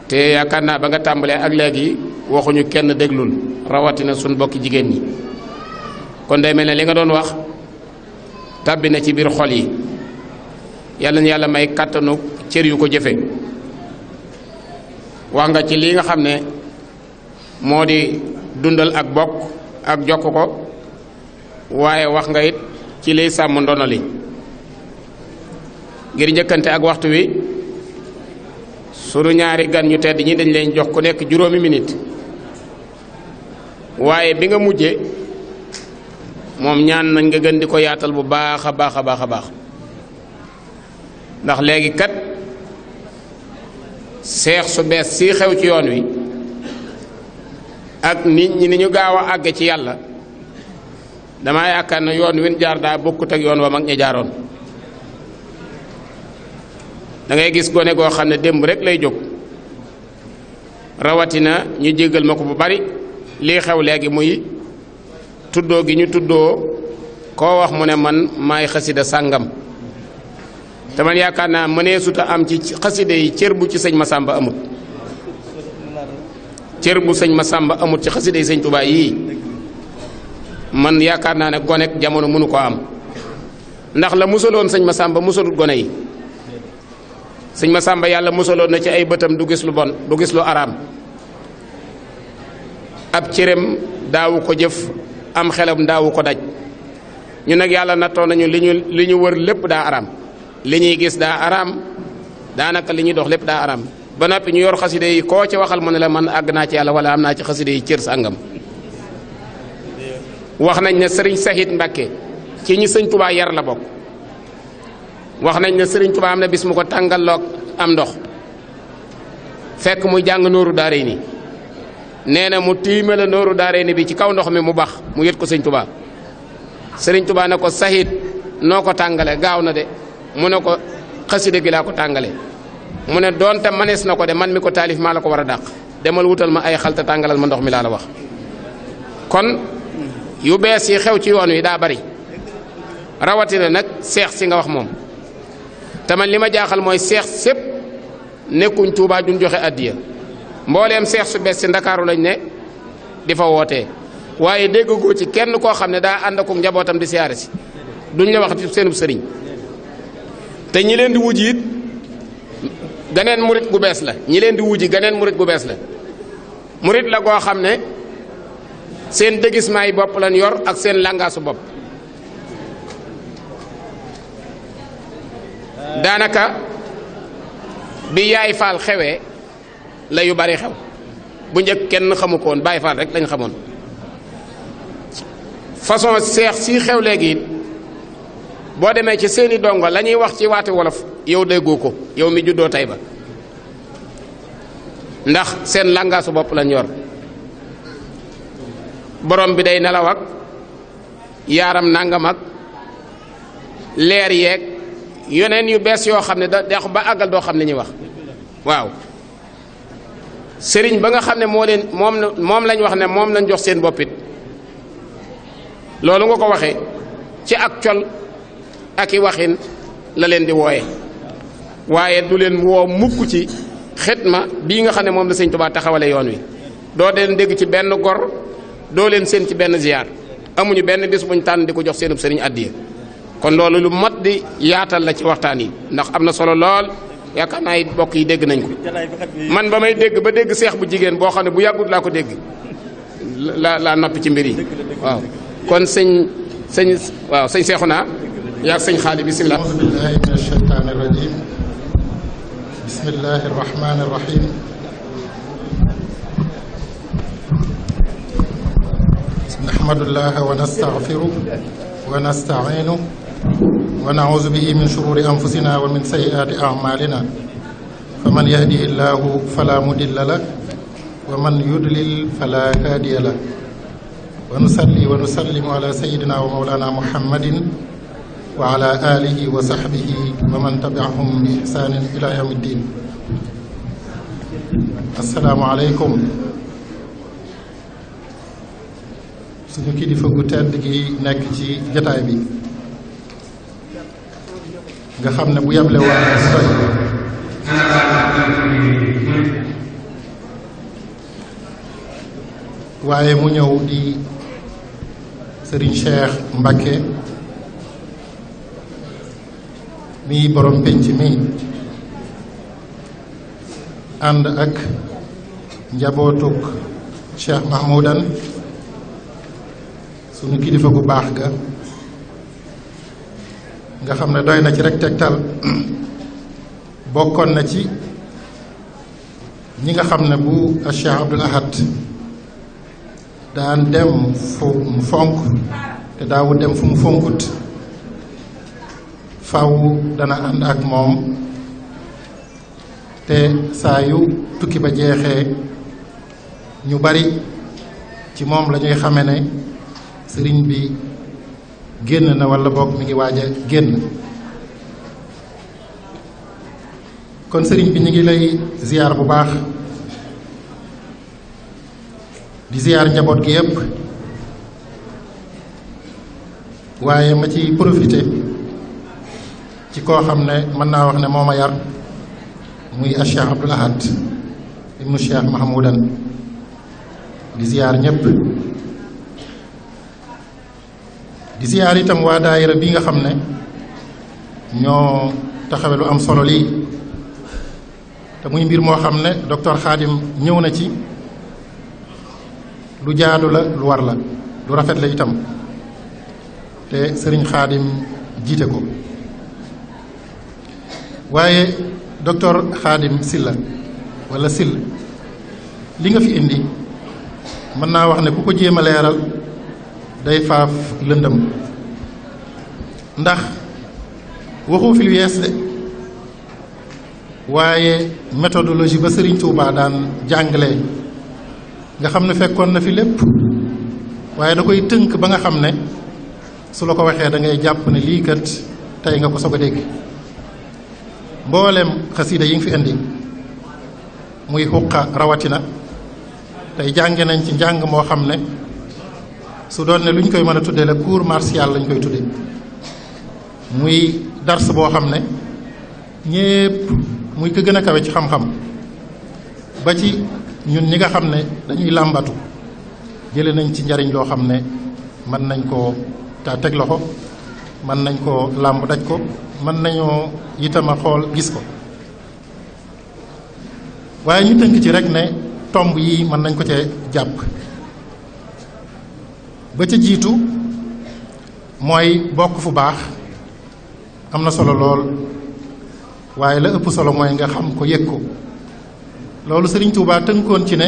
te yaakaar naa ba nga tàmbalee ak léegi waxuñu kenn déglul rawatina suñ bokki jigéen ñi kon day mel ne li nga doon wax tàbbi na ci biir xol yi yàlla na yàlla may kàttanu cër yu ko jëfe wax nga ci lii nga xam ne moo di dundal ak bokk ak jokk ko waaye wax nga it ci liy sàmm ndono li ngir njëkkante ak waxtu wi sunu ñaari gan ñu tedd ñi dañ leen jox ku nekk juróomi minute waaye bi nga mujjee moom ñaan nañ nga gën di ko yaatal bu baax a baax a baax a baax ndax léegi kat seex su bees si xew ci yoon wi ak nit ñi ni ñu gaaw a àgg ci yàlla dama yaakaar ne yoon win jaar daa bokkut ak yoon wa mag ñi jaaroon dangay gis gone goo xam ne démb rek lay jóg rawatina ñu jéggal ma ko bu bari lii xew léegi muy tuddoo gi ñu tuddoo koo wax mu ne man maay xasida sàngam te man yaakaar naa mëneesuta am ci xasida yi cër bu ci sëñ sàmba amut cër bu sëñ ma Masamba amut ci xasida yi sëñ Tuubaa yii man yaakaar naa ne gonek jamono mënu ko am ndax la musaloon sëñ Masamba musalut gone yi sëñ ma sàmba yàlla musaloon na ci ay bëtam du gis lu bon du gis lu araam ab cëram daawu ko jëf am xelam ndaawu ko daj ñu nag yàlla nattoo nañu li ñu li ñu wër lépp daa araam li ñuy gis daa araam daanaka li ñuy dox lépp daa araam ba noppi ñu yor xaside yi koo ci waxal mu ne la man àgg naa ci yàlla wala am naa ci xaside yi cër sàngam wax nañ ne sëriñ saxit ndake ci ñu sëñ Tubaa yar la bokk wax nañ ne sëriñ Tubaa am na bis mu ko tàngalloog am ndox fekk muy jàng nooru daara yi nii nee na mu tiimale nooru daaree ni bi ci kaw ndox mi mu bax mu yët ko sëñ tubaa sëriñ tubaa ne ko sahit noo ko tàngale gaaw na de mu ne ko xaside gi laa ko tàngale mu ne doonte manees na ko de man mi ko taalif maa la ko war a dàq demal wutal ma ay xalta tàngalal ma ndox mi laa la wax kon yu bees yi xew ci yoon wi daa bari rawatina nag seex si nga wax moom te man li ma jaaxal mooy seex sépp nekkuñ tuubaa duñ joxe addiya mbooleem seex su bees si ndakaaru lañ ne di fa wootee waaye déggagoo ci kenn koo xam ne daa ànd ak njabootam di siyaare si duñ la wax ci seenub sëriñ te ñi leen di wuj it ganeen murit gu bees la ñi leen di wuji ganeen murit gu bees la murit la goo xam ne seen dégisment yi bopp lañ yor ak seen langaasu bopp daanaka bi yaay faal xewee la yu bari xew bu njëkk kenn xamu ko woon rek lañ xamoon façon seex si xew léegi boo demee ci seeni dongo la ñuy wax ci waate wolof yow déggoo ko yow mi juddoo tey ba ndax seen langaasu bopp la ñor borom bi day nelaw ak yaaram nangam ak leer yeeg yoneen yu bees yoo xam ne da dex ba àggal doo xam ne ñuy wax waaw sëriñ ba nga xam ne moo leen moom moom lañ wax ne moom lañ jox seen boppit loolu nga ko waxee ci ak col ak i waxin la leen di wooye waaye du leen woo mukk ci xitma bii nga xam ne moom la sëñ Tuubaa taxawale yoon wi doo leen dégg ci benn gor doo leen seen ci benn ziyaar amuñu benn bis buñ tànn di ko jox seenub sëriñ addiya kon loolu lu mat di yaatal la ci waxtaan yi ndax am na solo lool yaakaar naa it mbokk yi dégg nañ ko man ba may dégg ba dégg seex bu jigéen boo xam ne bu yàggut laa ko dégg la laa noppi ci mbir yi waaw kon sëñ sëñ waaw sëñ seexu naa yaa sëñ xaali bisimilah auzu billahi min asheytaan irrajim bismillahi arrahmani irrahim nahmadullaha wa nastaghfiruh wa nasta'inuh ونعوذ به من شرور أنفسنا ومن سيئات أعمالنا فمن يهده الله فلا مضل له ومن يضلل فلا هادي له ونصلي ونسلم على سيدنا ومولانا محمد وعلى آله وصحبه ومن تبعهم بإحسان إلى يوم الدين asalaamu aleykum suñu kilifa gu tedd gi nekk ci jataay bi nga xam ne bu yeble waa sooy waaye mu ñëw di Serigne Cheikh Mbacké mii borom penc mii ànd ak njabootuk Cheikh Mahmoudan sunu kilifa gu baax ga nga xam ne doy na ci rek tegtal bokkoon na ci ñi nga xam ne bu Cheikh Abdoul Ahad daan dem fu mu fonk te daawu dem fu mu fonkut faw dana ànd ak moom te saa yu tukki ba jeexee ñu bari ci moom lañuy ñuy xame ne sëriñ bi génn na walla boog mi ngi waaja génn kon sëriñ bi ñu ngi lay ziyaar bu baax di ziyaar njaboot gi yépp waaye ma ci profité ci koo xam ne mën naa wax ne moo ma yar muy a Cheikh Abdoul Ahad ibnu di ziyaar ñépp di ziyaar itam waa daayira bi nga xam ne ñoo taxawe lu am solo lii te muy mbir moo xam ne docteur Khadim ñëw na ci lu jaadu la lu war la lu rafet la itam te sëriñ Khadim jiite ko waaye docteur Khadim Silla wala Sill li nga fi indi mën naa wax ne ku ko jéem a leeral day faaf lëndëm ndax waxu fi lu yees de waaye méthodologie ba Serigne Touba daan jàngale nga xam ne fekkoon na fi lépp waaye da koy tënk ba nga xam ne su la ko waxee da ngay jàpp ne lii kat tey nga ko soog a dégg mboolem xasiida yi nga fi indi muy xuqa rawatina tey jànge nañ ci njàng moo xam ne su doon ne lu ñu koy mën a tuddee la cour martiale koy tuddee muy dars boo xam ne ñépp muy ko gën a kawe ci xam-xam ba ci ñun ñi nga xam ne dañuy làmbatu jële nañ ci njariñ loo xam ne mën nañ koo ta teg loxo mën nañ ko làmb daj ko mën nañoo a xool gis ko waaye ñu tënk ci rek ne tomb yi mën nañ ko cee jàpp ba jiitu mooy bokk fu baax am na solo lool waaye la ëpp solo mooy nga xam ko yëg ko loolu Sëriñ Tuubaa tënkoon ci ne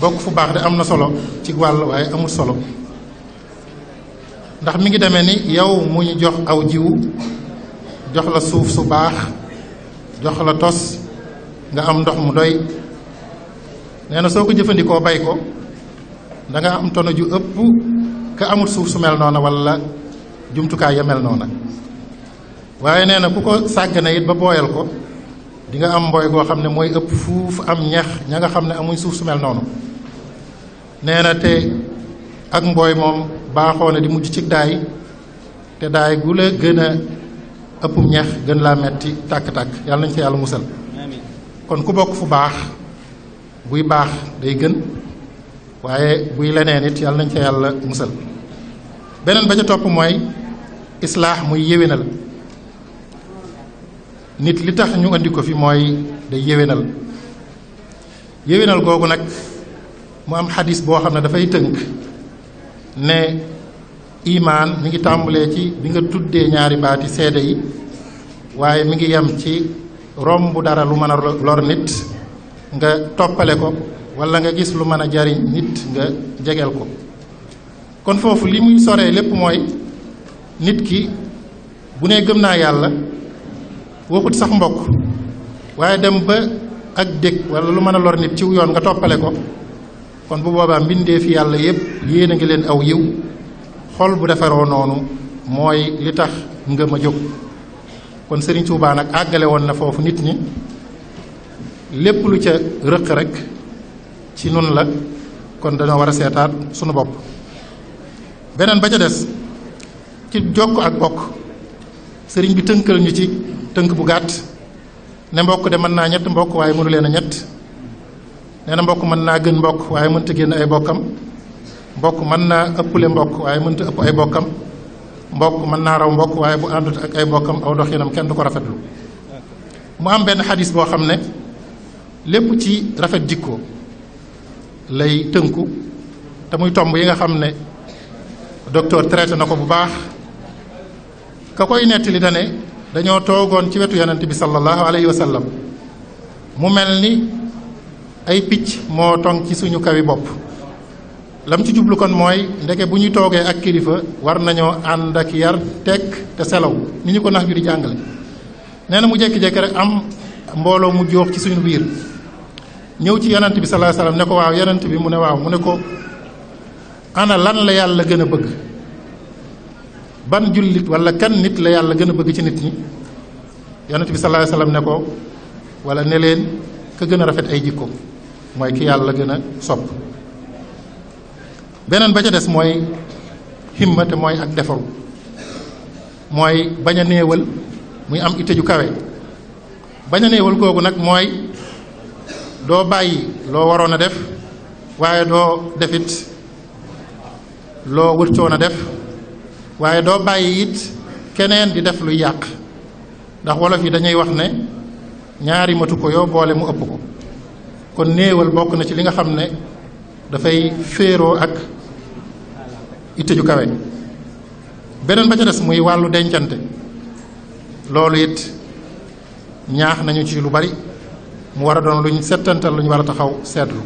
bokk fu baax de am na solo ci wàll waaye amul solo ndax mi ngi demee ni yow mu ñu jox aw jiwu jox la suuf su baax jox la tos nga am ndox mu doy nee na soo ko jëfandikoo bay ko danga am tono ju ëpp ka amul suuf su mel noona wala jumtukaay ya mel noona waaye nee na ku ko sàggane it ba booyal ko di nga am mbooy goo xam ne mooy ëpp fuuf am ñax ña nga xam ne amuñ suuf su mel noonu nee na te ak mbooy moom baaxoo na di mujj ci daay te daay gu la gën a ëppum ñax gën laa metti tàkk-tàkk yàlla nañ ci yàlla musal kon ku bokk fu baax buy baax day gën waaye buy leneen it yàlla nañ ca yàlla musal beneen ba ca topp mooy islaax muy yéwénal nit li tax ñu andi ko fi mooy day yéwénal yéwénal googu nag mu am xadis boo xam ne dafay tënk ne iimaan mu ngi tàmbalee ci bi nga tuddee ñaari baati seede yi waaye mi ngi yam ci romb dara lu mën a lor nit nga toppale ko wala nga gis lu mën a jariñ nit nga jegeel ko kon foofu li muy soree lépp mooy nit ki bu nee gëm naa yàlla waxut sax mbokk waaye dem ba ak dégg walla lu mën a lor nit ciw yoon nga toppale ko kon bu boobaa mbindee fi yàlla yépp yéen a ngi leen aw yiw xol bu defaroo noonu mooy li tax ngëm a jóg kon sëriñ Touba nag àggale woon na foofu nit ñi lépp lu ca rëq rek ci nun la kon dañoo war a seetaat sunu bopp beneen ba ca des ci jokk ak bokk sëriñ bi tënkal ñu ci tënk bu gàtt ne mbokk de mën naa ñett mbokk waaye mënu leen a ñett nee na mbokk mën naa gën mbokk waaye mënta génn ay bokkam mbokk mën naa ëppule mbokk waaye mënta ëpp ay bokkam mbokk mën naa raw mbokk waaye bu àndut ak ay bokkam aw doxinam kenn du ko rafetlu mu am benn xadis boo xam ne lépp ci rafet jikko lay tënku te muy tomb yi nga xam ne docteur traité na ko bu baax ka koy nettali da ne dañoo toogoon ci wetu yonent bi sallallahu alayhi wa sallam mu mel ni ay picc moo tong ci suñu kawi bopp lam ci jublu kon mooy ndeke bu ñu toogee ak kilifa war nañoo ànd ak yar tekk te selaw ni ñu ko nax ju di jàngale nee na mu jékki-jékki rek am mbooloo mu joox ci suñu biir ñëw ci yonent bi sallallahu alayhi wasallam ne ko waaw yonent bi mu ne waaw mu ne ko ana lan la yàlla gën a bëgg ban jullit walla kan nit la yàlla gën a bëgg ci nit ñi yonent bi sallallahu alayhi ne ko wala ne leen ka gën a rafet ay jikko mooy ki yàlla gën a sopp beneen ba ca des mooy himma te mooy ak defaru mooy bañ a néewal muy am itte ju kawe bañ a néewal googu nag mooy doo bàyyi loo waroon a def waaye doo defit loo wërtoon a def waaye doo bàyyi it keneen di def luy yàq ndax wolof yi dañuy wax ne ñaari matu ko yoo boole mu ëpp ko kon néewal bokk na ci li nga xam ne dafay féeroo ak itte ju kawe beneen ba ca des muy wàllu dencante loolu it ñaax nañu ci lu bari mu war a doon lu ñu settantal lu ñu war a taxaw seetlu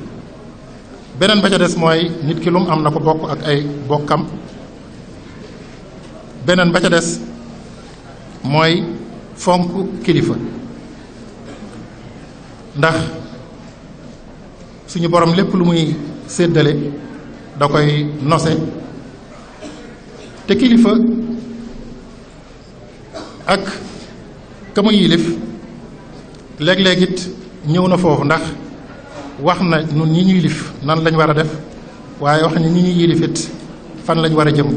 beneen ba ca des mooy nit ki lu am na ko bokk ak ay bokkam beneen ba ca des mooy fonk kilifa ndax suñu boroom lépp lu muy séddale da koy nose te kilifa ak ka mu yilif léeg-léeg ñëw na foofu ndax wax na ñun ñi ñuy nan lañ war a def waaye wax na ñi ñuy yilif fan lañ war a jëm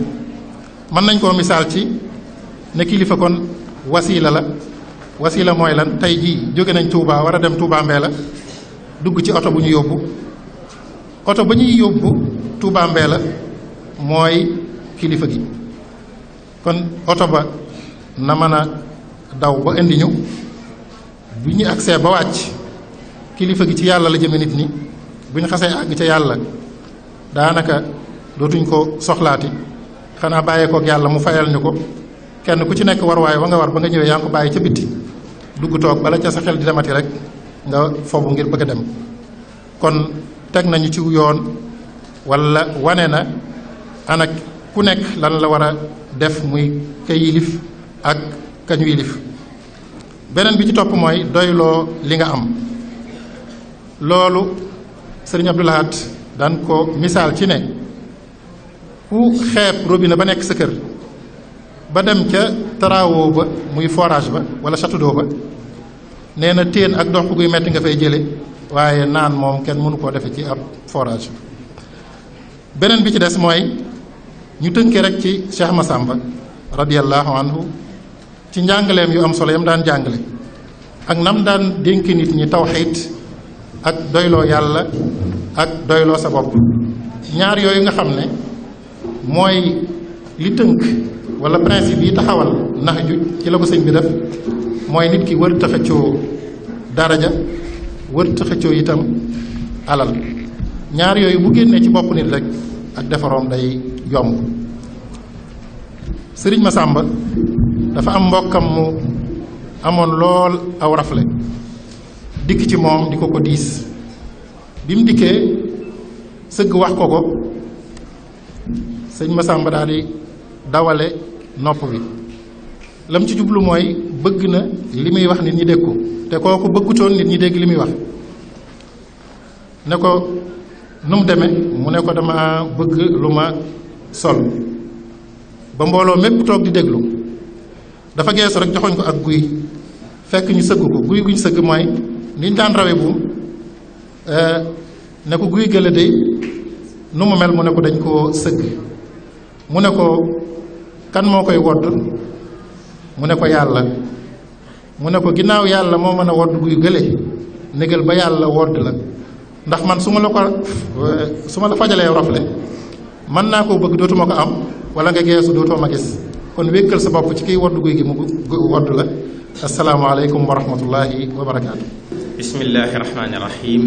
mën nañ koo misaal ci ne kilifa kon wasiila la wasiila mooy lan tey ji jóge nañ Touba war a dem Touba la dugg ci oto bu ñu yóbbu oto ba ñuy yóbbu Touba Mbella mooy kilifa gi kon oto ba na mën a daw ba indi ñëw bi ñuy agsee ba wàcc kilifa gi ci yàlla la jëme nit ñi bu ñu xasee àgg ca yàlla daanaka dootuñ ko soxlaati xanaa bàyyee kook yàlla mu fayal ñu ko kenn ku ci nekk war waaye wa nga war ba nga ñëwee yaa ngi bàyyi ca bitti dugg toog bala ca sa xel di demati rek nga fobu ngir bëgg a dem kon teg nañu ci yoon wala wane na ana ku nekk lan la war a def muy ka yilif ak kañu yilif beneen bi ci topp mooy doyloo li nga am loolu sëriñ Abdou daan ko misaal ci ne ku xeeb robinet ba nekk sa kër ba dem ca travaux ba muy forage ba wala château d'eau ba nee na téen ak dox guy metti nga fay jële waaye naan moom kenn mënu koo defee ci ab forage beneen bi ci des mooy ñu tënkee rek ci Cheikh Massamba radiyallahu anhu ci njàngaleem yu am solo yam daan jàngale ak nam daan dénk nit ñi tawxiit ak doyloo yàlla ak doyloo sa bopp ñaar yooyu nga xam ne mooy li tënk wala principe yi taxawal nax ju ci la ko sëñ bi def mooy nit ki wërta xëccoo daraja wërta xëccoo itam alal ñaar yooyu bu génnee ci bopp nit rek ak defaroom day yomb sëriñ ma sàmba dafa am mbokkam mu amoon lool aw rafle dikk ci moom di ko ko diis bi mu dikkee sëgg wax ko ko sëñ Masamba daal di dawale nopp bi lam ci jublu mooy bëgg na li muy wax nit ñi dégg ko te kooku bëggutoon nit ñi dégg li muy wax ne ko nu mu demee mu ne ko dama bëgg lu ma sol ba mbooloo mépp toog di déglu dafa geesu rek joxoñ ko ak guy fekk ñu sëgg ko guy guñ sëgg mooy niñ daan rawe buum euh, ne ko guy gële day nu mu mel mu ne ko dañ koo sëgg mu ne ko kan moo koy wodd mu ne ko yàlla mu ne ko ginnaaw yàlla moo mën a wodd guy gële négal ba yàlla wodd la ndax man su ma la ko su ma la fajalee rofle mën naa koo bëgg dootuma ko am wala nga geesu dootoo ma gis kon wékkal sa bopp ci kiy wodd guy gi mu wodd la asalaamaaleykum wa rahmatullahi wa barakaatu. bismillahi rahmaani rahiim.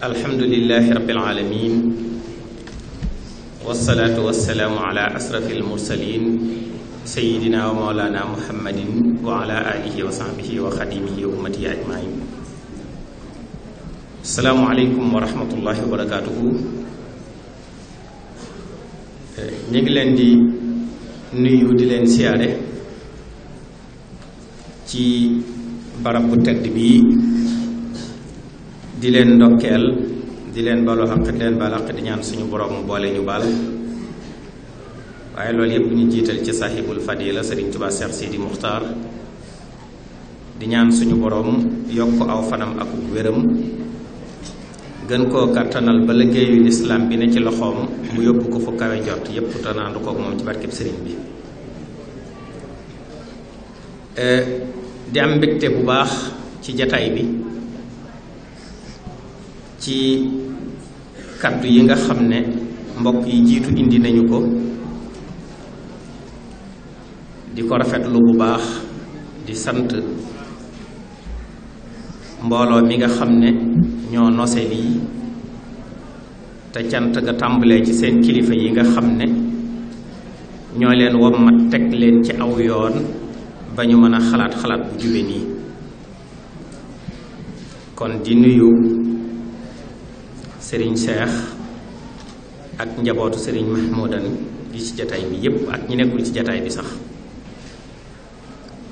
alhamdulilahi rabbil aalamiin. wasalaatu wasalaamu ala asrafil mursaliin sayyidina wa mawlaana muhammadin wa ala aalihi wa sahbihi wa xadimihi wa ummatihi ajmain salaamualeykum wa rahmatullahi wa barakaatuhu eh, ñu ngi leen di nuyu di leen siyaare ci barab bu tedd bii di leen ndokkeel di leen balu xaq di leen baal xaq di ñaan suñu borom boole ñu baal waaye loolu yépp ñu jiital ci saaxibul fadila Sëriñ Tuubaa Seex Sidi Muxtaar di ñaan suñu borom yokk aw fanam ak wéram gën koo kàttanal ba liggéeyu lislaam bi ne ci loxoom mu yóbbu ko fu kawe jot yépp tanaandu kook moom ci barkeb sëriñ bi eh, di am mbégte bu baax ci jataay bi ci kàddu yi nga xam ne mbokk yi jiitu indi nañu ko di ko rafetlu bu baax di sant mbooloo mi nga xam ne ñoo nose lii te cant ga tàmbalee ci seen kilifa yi nga xam ne ñoo leen wommat teg leen ci aw yoon ba ñu mën a xalaat xalaat bu jube nii kon di nuyu sëriñ Cheikh ak njabootu sëriñ Mahmoudan gi ci jataay bi yépp ak ñi nekkul ci jataay bi sax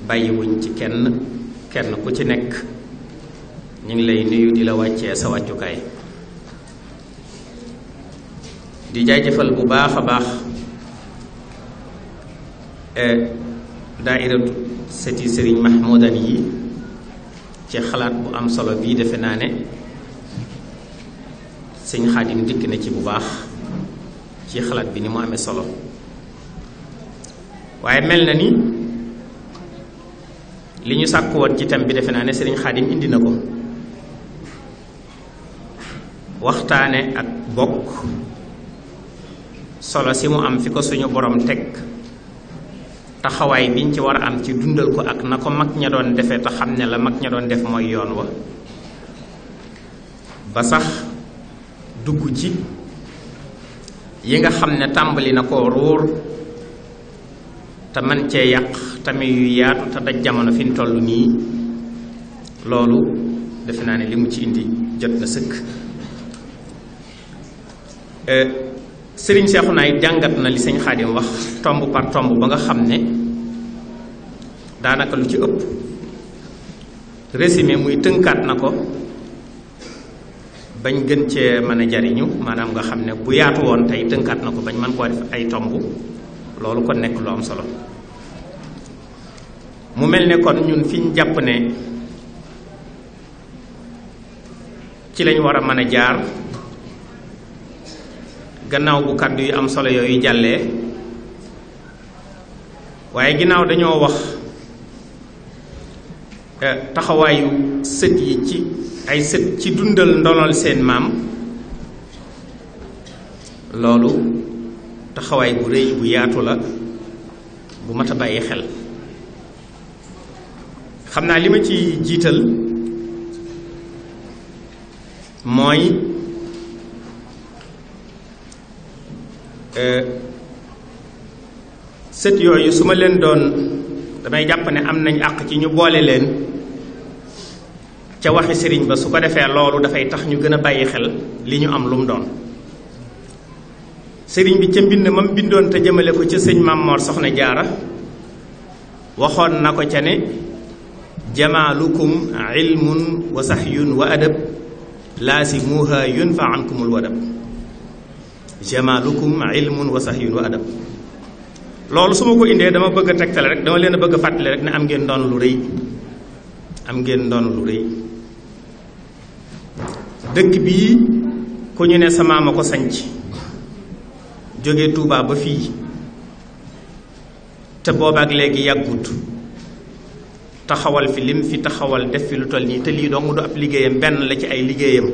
bàyyiwuñ ci kenn kenn ku ci nekk ñu ngi lay nuyu di la wàccee sa wàccukaay di jaajëfal bu baax a baax eh, daairatu seti sëriñ mahmoudan yi ci xalaat bu am solo bii defe naa ne sëñ xaadim dikk na ci bu baax ci xalaat bi ni mu amee solo waaye mel na ni li ñu sàkk woon ci tam bi defe naa ne sëriñ xaadim indi na ko waxtaane ak bokk solo si mu am fi ko suñu borom teg taxawaay biñ ci war a am ci dundal ko ak na ko mag ña doon defee te xam ne la mag ña doon def mooy yoon wa ba sax dugg ci yi nga xam ne tàmbali na ko ruur te man cee yàq tamit yu yaatu te daj jamono fi ñu toll nii loolu defe naa ne li mu ci indi jot na sëkk euh, sëriñ seexu naay jàngat na li sëñ xaadim wax tomb par tomb ba nga xam ne daanaka lu ci ëpp résumé muy tënkaat na ko bañ gën cee mën a jariñu maanaam nga xam ne bu yaatu woon tey tënkaat na ko bañ man koo def ay tomb loolu ko nekk lu am solo mu mel ne kon ñun fi ñu jàpp ne ci lañ war a mën a jaar gannaaw bu kàddu yu am solo yooyu jàllee waaye ginnaaw dañoo wax eh, taxawaayu sët yi ci ay sët ci dundal ndonol seen maam loolu taxawaay bu rëy bu yaatu la bu mat a xel xam naa li ma ci jiital mooy Euh, sët yooyu su ma leen doon damay jàpp ne am nañ àq ci ñu boole leen ca waxi sëriñ ba su ko defee loolu dafay tax ñu gën a bàyyi xel li ñu am lum doon sëriñ bi ca mbind ma mu te jëmale ko ca sëñ Maam Mor Soxna Jaara waxoon na ko ca ne jamaalukum ilmun wa sahyun wa adab laasimuha yunfa ankumul wadab jamaalukum ilmun wa sahyun wa adab loolu su ma ko indee dama bëgg a tegtale rek dama leen a bëgg a fàttali rek ne am ngeen doon lu rëy am ngeen doon lu rëy dëkk bii ku ñu ne sa maama ko sanc jóge Touba ba fii te boobaak léegi yàggut taxawal fi lim fi taxawal def fi lu toll nii te lii dong du ab liggéeyam benn la ci ay liggéeyam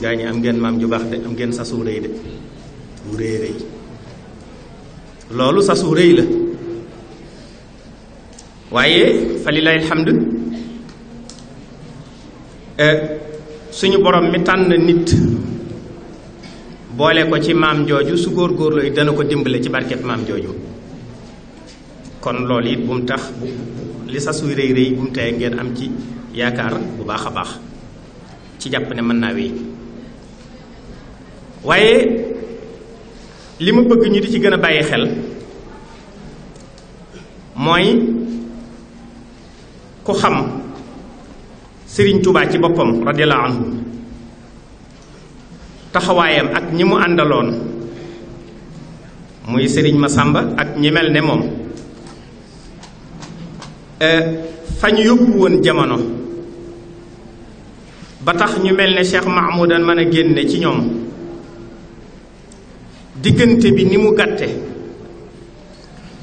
gaa ñi am ngeen maam ju baax de am ngeen sasu rëy de bu rëy rëy loolu sasu rëy la waaye falilaay alhamd e, suñu borom mi tànn nit boole ko ci maam jooju su góor góorlu dana ko dimbale ci barkeb maam jooju kon loolu it bu mu tax li sasuy rëy rëy bu mu teye ngeen am ci yaakaar bu baax a baax ci jàpp ne mën naa wéy waaye li ma bëgg ñu di ci gën a bàyyi xel mooy ku xam Sëriñ Tuubaa ci boppam radiyallahu anhu taxawaayam ak ñi mu àndaloon muy Sëriñ ma sàmba ak ñi mel ne moom euh, fa ñu yóbbu woon jamono ba tax ñu mel ne Cheikh Mahmoudan mën a génne ci ñoom diggante bi ni mu gàtte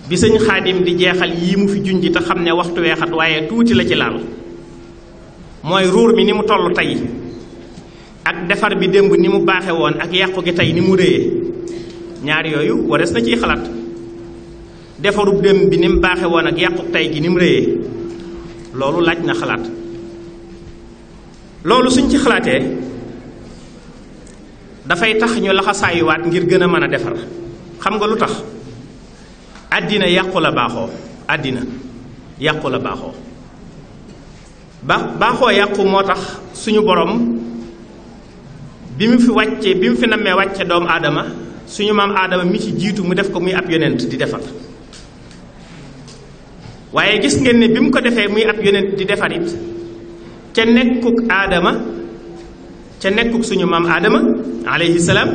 bi sëñ xaadim di jeexal yii mu fi junj te xam ne waxtu weexat waaye tuuti la ci laal mooy ruur mi ni mu toll tey ak defar bi démb ni mu baaxe woon ak yàqu gi tey ni mu réyee ñaar yooyu warees na ciy xalaat defaru démb bi ni mu baaxe woon ak yàqu tey gi ni mu réyee loolu laaj na xalaat loolu suñ ci xalaatee dafay tax ñu laxasaayuwaat ngir gën a mën a defar xam nga lu tax àddina yàqu la baaxoo àddina yàqula baaxoo ba baaxoo yàqu moo tax suñu boroom bi mu fi wàcce bi mu fi nammee wàcce doomu aadama suñu maam aadama mi ci jiitu mu def ko muy ab yonent di defar waaye gis ngeen ne bi mu ko defee muy ab yonent di defar it ca nekkuk aadama ca nekkuk suñu maam aadama alayhi salaam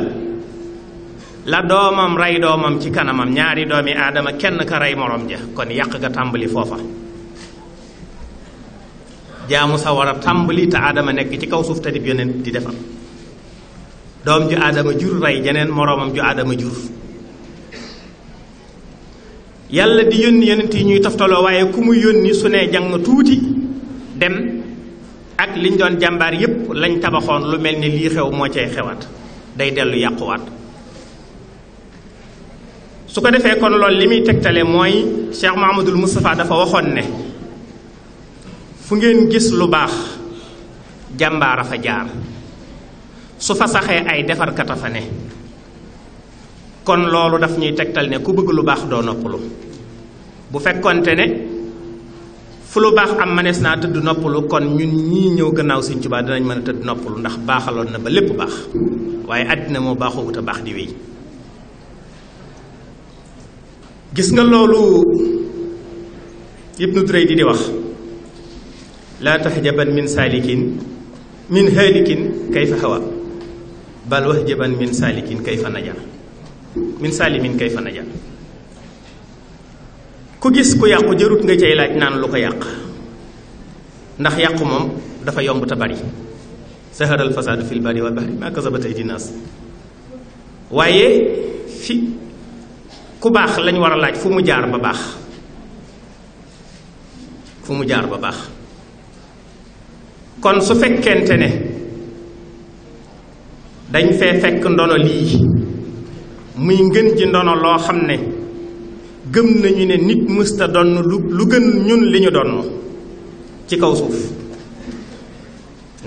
la doomam rey doomam ci kanamam ñaari doomi aadama kenn ka rey morom ja kon yàq ga tàmbali foofa jaamu sa war a tàmbali te aadama nekk ci kaw suuf te dib yonent di defam doom ju aadama jur rey jeneen moroomam ju aadama jur yàlla di yónni yonent yi ñuy toftaloo waaye ku mu yónni su ne jàng tuuti dem ak ñu doon jàmbaar yépp lañu tabaxoon lu mel ni lii xew moo cay xewaat day dellu yàquwaat su ko defee kon loolu li muy tegtale mooy Cheikh Mouhamadoul mustafaa dafa waxoon ne fu ngeen gis lu baax jàmbaar a fa jaar su fasaxee ay defarkat fa ne kon loolu daf ñuy tegtal ne ku bëgg lu baax doo noppalu bu fekkonte ne fu lu baax am manees naa tëdd noppalu kon ñun ñii ñëw gannaaw Sëñ Tuubaa dinañ mën a tëdd noppalu ndax baaxaloon na ba lépp baax waaye àddina moo baaxoowut a baax di wéy gis nga loolu Ibnu Duraydi di wax laa tahjaban min saalikin min haalikin kayfa hawa bal wahjaban min saalikin kayfa naja min saalimin kayfa naja ku gis ku yàqu jërut nga cay laaj naan lu ko yàq ndax yàqu moom dafa yomb te bari saharal fasaadu fil barri wal bahri maa kasabat aydi naas waaye fi ku baax lañ war a laaj fu mu jaar ba baax fu mu jaar ba baax kon su fekkente ne dañ fee fekk ndono lii muy ngën ji ndono loo xam ne gëm nañu ne nit mësta donn lu lu gën ñun li ñu donn ci kaw suuf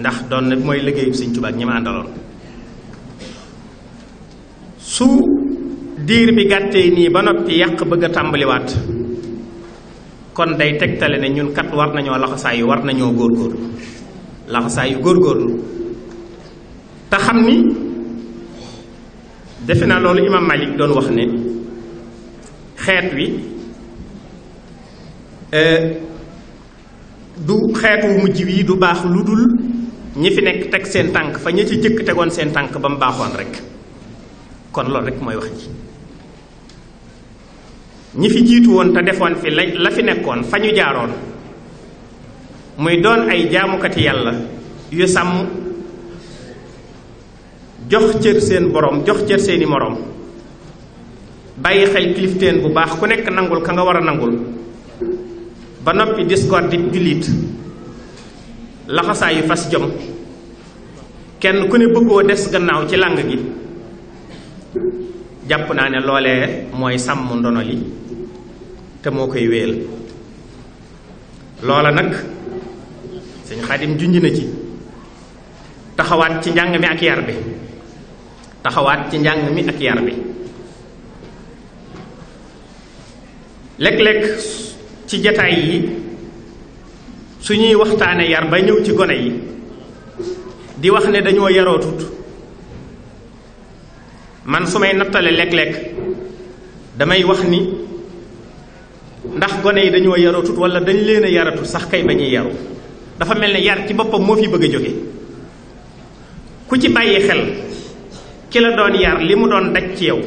ndax donn bi mooy liggéeyu Sëñ Tuubaa ñi ma àndaloon su diir bi gàttee nii ba noppi yàq bëgg a tàmbaliwaat kon day tegtale ne ñun kat war nañoo laxasaay yu war nañoo góorgóorlu laxasaay yu góorgóorlu te xam ni defe naa loolu Imam Malik doon wax ne xeet wi euh, du xeetu mujj wi du baax lu dul ñi fi nekk teg seen tànk fa ña ci jëkk tegoon seen tànk ba mu baaxoon rek kon loolu rek mooy wax ji ñi fi jiitu woon te defoon fi la fi nekkoon fa ñu jaaroon muy doon ay jaamukati yàlla yu sàmm jox cër seen borom jox cër seeni moroom bàyyi xel kilifteen bu baax ku nekk nangul ka nga war a nangul ba noppi discord di jullit laxasaayu fas jom kenn ku ne bëggoo des gannaaw ci làng gi jàpp naa ne loolee mooy sàmm ndono li te moo koy wéel loola nag sëñ Xaadim junj na ci taxawaat ci njàng mi ak yar bi taxawaat ci njàng mi ak yar bi léeg-léeg ci jataay yi su ñuy waxtaane yar ba ñëw ci gone yi di wax ne dañoo yarootut man su may nattale léeg damay wax ni ndax gone yi dañoo yarootut wala dañ leen a yaratul sax kay ba ñuy yaru dafa mel ne yar ci boppam moo fi bëgg a jóge ku ci bàyyi xel ki la doon yar li mu doon daj ci yow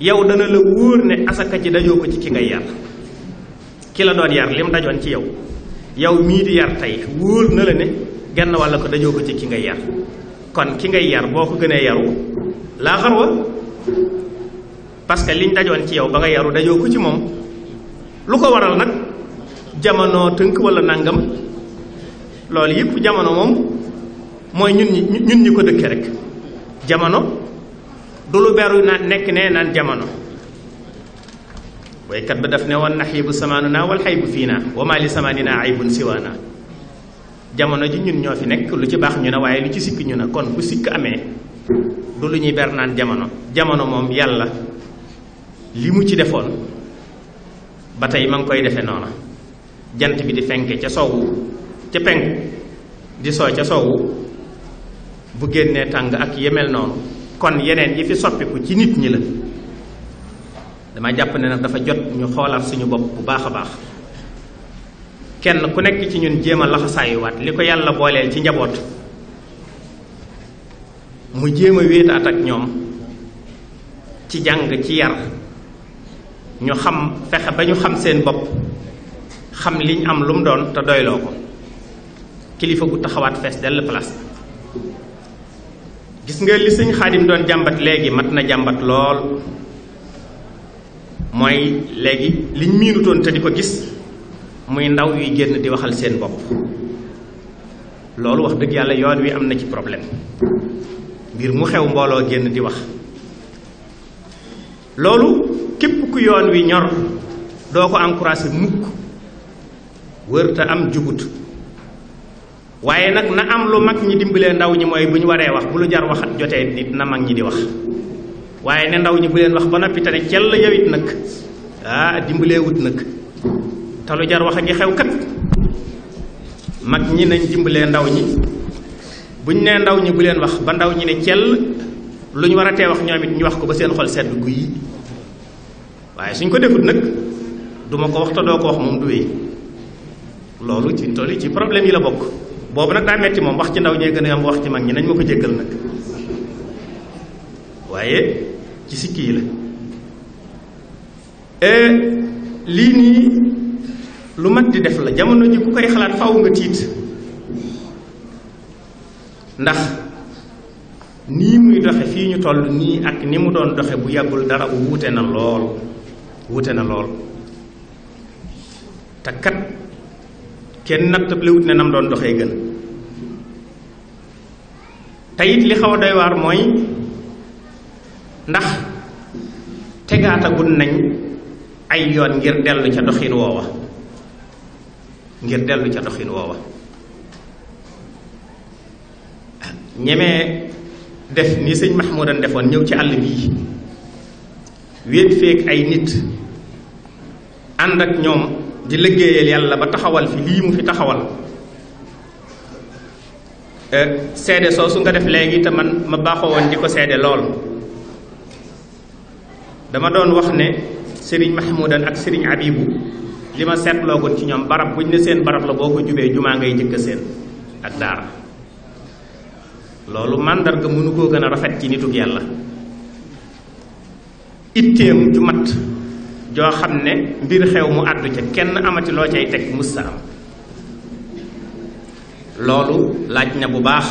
yow dana la wóor ne asaka ji dajoo ko ci ki ngay yar ki la doon yar lim dajoon ci yow yow mii di yar tey wóor na la ne genn walla ko dajoo ko ci ki ngay yar kon ki ngay yar boo ko gënee yaru laa xar wa parce que liñ dajoon ci yow ba nga yaru dajoo ko ci moom lu ko waral nag jamono tënk walla nangam loolu yëpp jamono moom mooy ñun ñi ñun ñi ko dëkkee rek jamono du lu beru naan nekk ne naan jamono waykat ba daf ne woon naxiibu samaanu naa wal xaybu fii naa wamaa li samaani naa aybun siwaa naa jamono ji ñun ñoo fi nekk lu ci baax ñu ne waaye lu ci sikk ñu ne kon bu sikk amee du lu ñuy ber naan jamono jamono moom yàlla li mu ci defoon ba tey ma ngi koy defe noona jant bi di fenke ca sowwu ca penk di soo ca sowwu bu génnee tàng ak yemel noonu kon yeneen yi fi soppiku ci nit ñi la dama jàpp ne nag dafa jot ñu xoolaat suñu bopp bu baax a baax kenn ku nekk ci ñun jéem a laxasaayuwaat li ko yàlla booleel ci njaboot mu jéem a wéetaat ak ñoom ci jàng ci yar ñu xam fexe ba ñu xam seen bopp xam liñ am lu doon te doyloo ko kilifa gu taxawaat fees dell place gis nga li sëñ xaadim doon jàmbat léegi mat na jàmbat lool mooy léegi liñ miinutoon te di ko gis muy ndaw yuy génn di waxal seen bopp loolu wax dëgg yàlla yoon wi am na ci problème mbir mu xew mbooloo génn di wax loolu képp ku yoon wi ñor doo ko encouragé mukk wër te am jugut waaye nag na am lu mag ñi dimbalee ndaw ñi mooy bu ñu waree wax bu lu jar waxat jotee nit na mag ñi di wax waaye ne ndaw ñi bu leen wax ba noppi te ne jël yow it nag ah, dimbalee wut nag te lu jar wax xew kat mag ñi dimbalee ndaw ñi buñ nee ndaw ñi bu leen wax ba ndaw ñi ne cel lu ñu war a tee wax ñoom it ñu wax ko ba seen xol sedd guy waaye suñ ko defut nag duma ko wax te doo ko wax moom du wéy loolu ci toll ci problème yi la bokk boobu nag daa metti moom wax ci ndaw ñee gën a yomb wax ci mag ñi nañ ma ko jéggal nag waaye ci sikki yi la e, lii nii lu mat di def la jamono ñi ku koy xalaat faw nga tiit ndax nii muy doxe fii ñu toll nii ak ni mu doon doxe bu yàggul dara wuute na lool wuute na lool te kenn nag tëblewut ne nam doon doxee gën teyit li xaw a mooy ndax tegaatagul nañ ay yoon ngir dellu ca doxin woowa ngir dellu ca doxin woowa ñemee def ni sëñ Mahmoudan defoon ñëw ci àll bii wéet feek ay nit ànd ak ñoom di liggéeyal yàlla ba taxawal fi lii mu fi taxawal eh, seede su nga def léegi te man ma baaxoo woon di ko seede lool dama doon wax ne sëriñ Mahmoudan ak sëriñ Abibu li ma seetloogoon ci ñoom barab buñ ne seen barab la boo ko jubee jumaa ngay jëkk seen ak daara loolu màndarga mënu koo gën a rafet ci nituk yàlla itteem ju joo xam ne mbir xew mu àddu ca kenn amati loo cay teg mus sa am loolu laaj na bu baax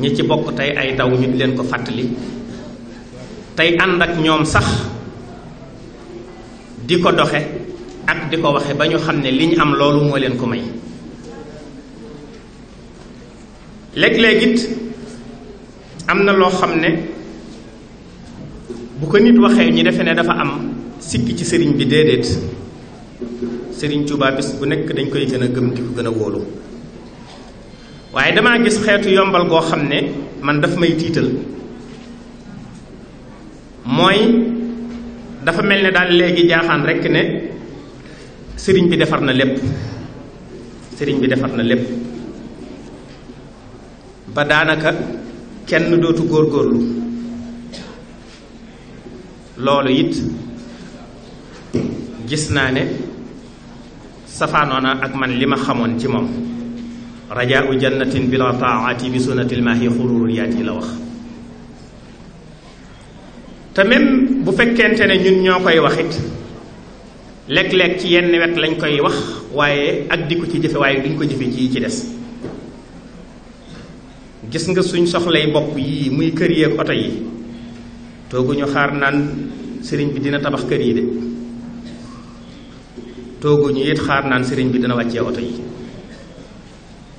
ñi ci bokk tey ay ndaw ñu di leen ko fàttali tey ànd ak ñoom sax di ko doxe ak di ko waxe ba ñu xam ne li ñu am loolu moo leen ko may léeg-léeg am na loo xam ne bu ko nit waxee ñu defe ne dafa am sikki ci sëriñ bi déedéet sëriñ Tuubaa bis bu nekk dañ koy gën a gëm di ko gën a wóolu waaye damaa gis xeetu yombal goo xam ne man dafa may tiital mooy dafa mel ne daal léegi jaaxaan rekk ne sëriñ bi defar na lépp sëriñ bi defar na lépp ba daanaka kenn dootu góorgóorlu loolu it gis naa ne safaanoona ak man li ma xamoon ci moom rajaau jannatin bila taati bi sunnatil maahi xururul yaati la wax tamit bu fekkente ne ñun ñoo koy waxit lekk léeg ci yenn wet lañ koy wax waaye ak di ci jëfe waaye duñ ko jëfe ci ci des gis nga suñ soxlay bopp yii muy kër yi ak oto yi tooguñu xaar naan sëriñ bi dina tabax kër yi de tooguñu it xaar naan sëriñ bi dina wàccee oto yi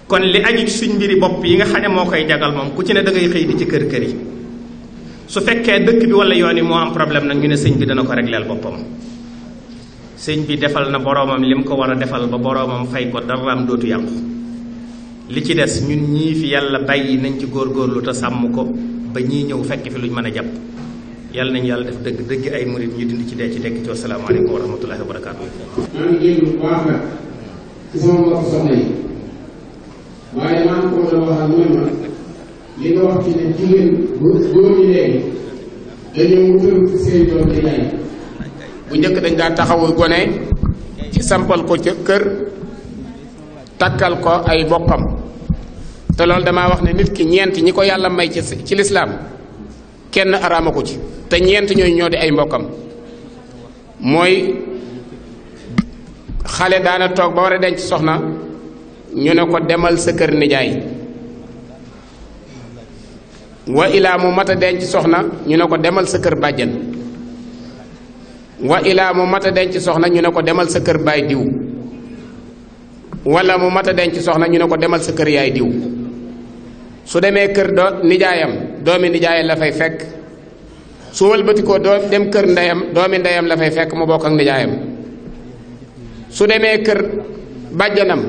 kon li aju ci suñ mbiri bopp yi nga xam ne moo koy jagal moom ku ci ne dangay xëy di ci kër kër yi su fekkee dëkk bi wala yoon yi moo am problème nag ñu ne sëñ bi dana ko régleel boppam sëñ bi defal na boroomam li mu ko war a defal ba boroomam fay ko daraam dootu yàqu li ci des ñu ñii fi yàlla bàyyi nañ ci góor góorgóorlu te sàmm ko ba ñii ñëw fekk fi luñ mën a jàpp yàlla nañu yàlla def dëgg dëgg ay murit ñu dindi ci dee ci dekk ci wasalaamaaleykum wa rahmatullahi wa waaye maa ngi ko mën a waxal ma njëkk dañ daa taxawul gone ci ko kër takkal ko ay bokkam te loolu wax ne nit ki ñeent ñi ko yàlla may ci ci lislaam kenn araama ko ci te ñeent ñooñu ñoo di ay mbokkam mooy xale daana toog ba war a denc soxna ñu ne ko demal sa kër nijaay wa mu mat denc soxna ñu ne ko demal sa kër bàjjan wa ilaa mu mat a denc soxna ñu ne ko demal sa kër baay diw wala mu mat a denc soxna ñu ne ko demal sa kër yaay diw su demee kër do nijaayam doomi nijaay la fay fekk su wëlbatikoo doom dem kër ndeyam doomi ndeyam la fay fekk mu bokk ak nijaayam su demee kër bàjjanam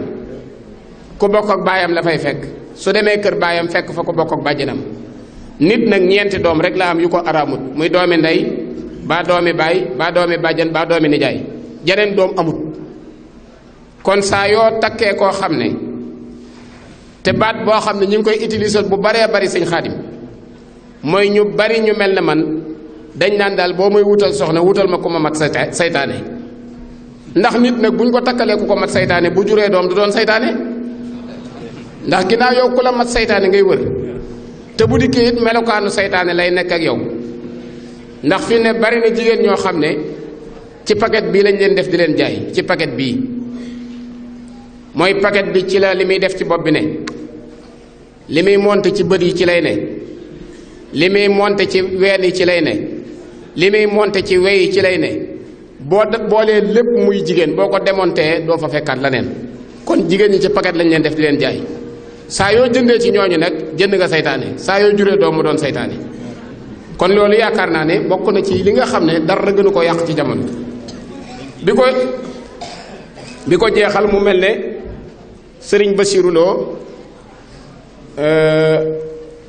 ku bokk ak baayam la fekk su demee kër baayam fekk fa ku bokk bàjjanam nit nag ñeenti doom rek la am yu ko araamut muy doomi ndey baa doomi baay baa doomi bàjjan baa doomi nijaay jeneen doom amut kon saa yoo takkee koo xam ne te baat boo xam ne ñu ngi koy utiliser bu baree bari sëñ xaadim mooy ñu bari ñu mel na man dañ naan daal boo may wutal soxna wutal ma ko ma mat sayta saytaane ndax nit nag bu ñu ko takkalee ku ko mat seytaane bu juree doom du doon saytaane ndax ginnaaw yow ku la mat seytaane ngay wër te bu di it melokaanu seytaane lay nekk ak yow ndax fi ne bari na jigéen ñoo xam ne ci paget bii lañ leen def di leen jaay ci paget bii mooy paquet bi ci la li muy def ci bopp bi ne li muy mont ci bët yi ci lay ne li muy monte ci ween yi ci lay ne li muy monte ci we yi ci lay ne boo boolee lépp muy jigéen boo ko démontee doo fa fekkaat la neen kon jigéen ñi ci paquet lañ leen def di leen jaay saa yoo jëndee ci ñooñu nag jënd nga seytaane saa yoo juree doomu doon saytaane kon loolu yaakaar naa ne bokk na ci li nga xam ne dara gënu ko yàq ci jamono bi ko bi ko jeexal mu mel ne sëriñ Basiru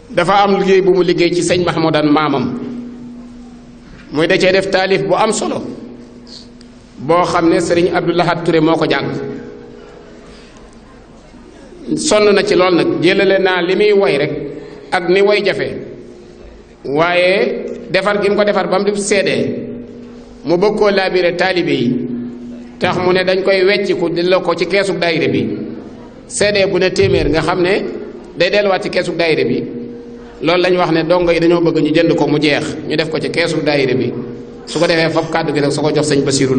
dafa am liggéey bu mu liggéey ci sëñ Mahmoudan maamam muy da cee def taalif bu am solo boo xam ne sëriñ Abdou Lahad Touré moo ko jàng sonn na ci lool nag jëlale naa li muy woy rek ak ni woy jafe waaye defar gi mu ko defar ba mu di seedee mu bëgg koo laabire taalibe yi tax mu ne dañ koy wecciku la ko ci keesu daayira bi seedee bu ne téeméer nga xam ne day delluwaat ci keesu daayira bi loolu lañ wax ne dongo yi dañoo bëgg ñu jënd ko mu jeex ñu def ko ci keesu daayira bi su ko defee fab kàddu gi nag su ko jox sëñ Basiru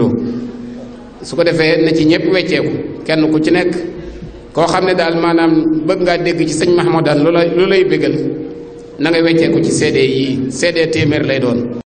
su ko defee na ci ñëpp wecceeku kenn ku ci nekk koo xam ne daal maanaam bëgg ngaa dégg ci sëñ Mahmoudane lu lay lu lay bégal na nga wecceeku ci CD yii CD téeméer lay doon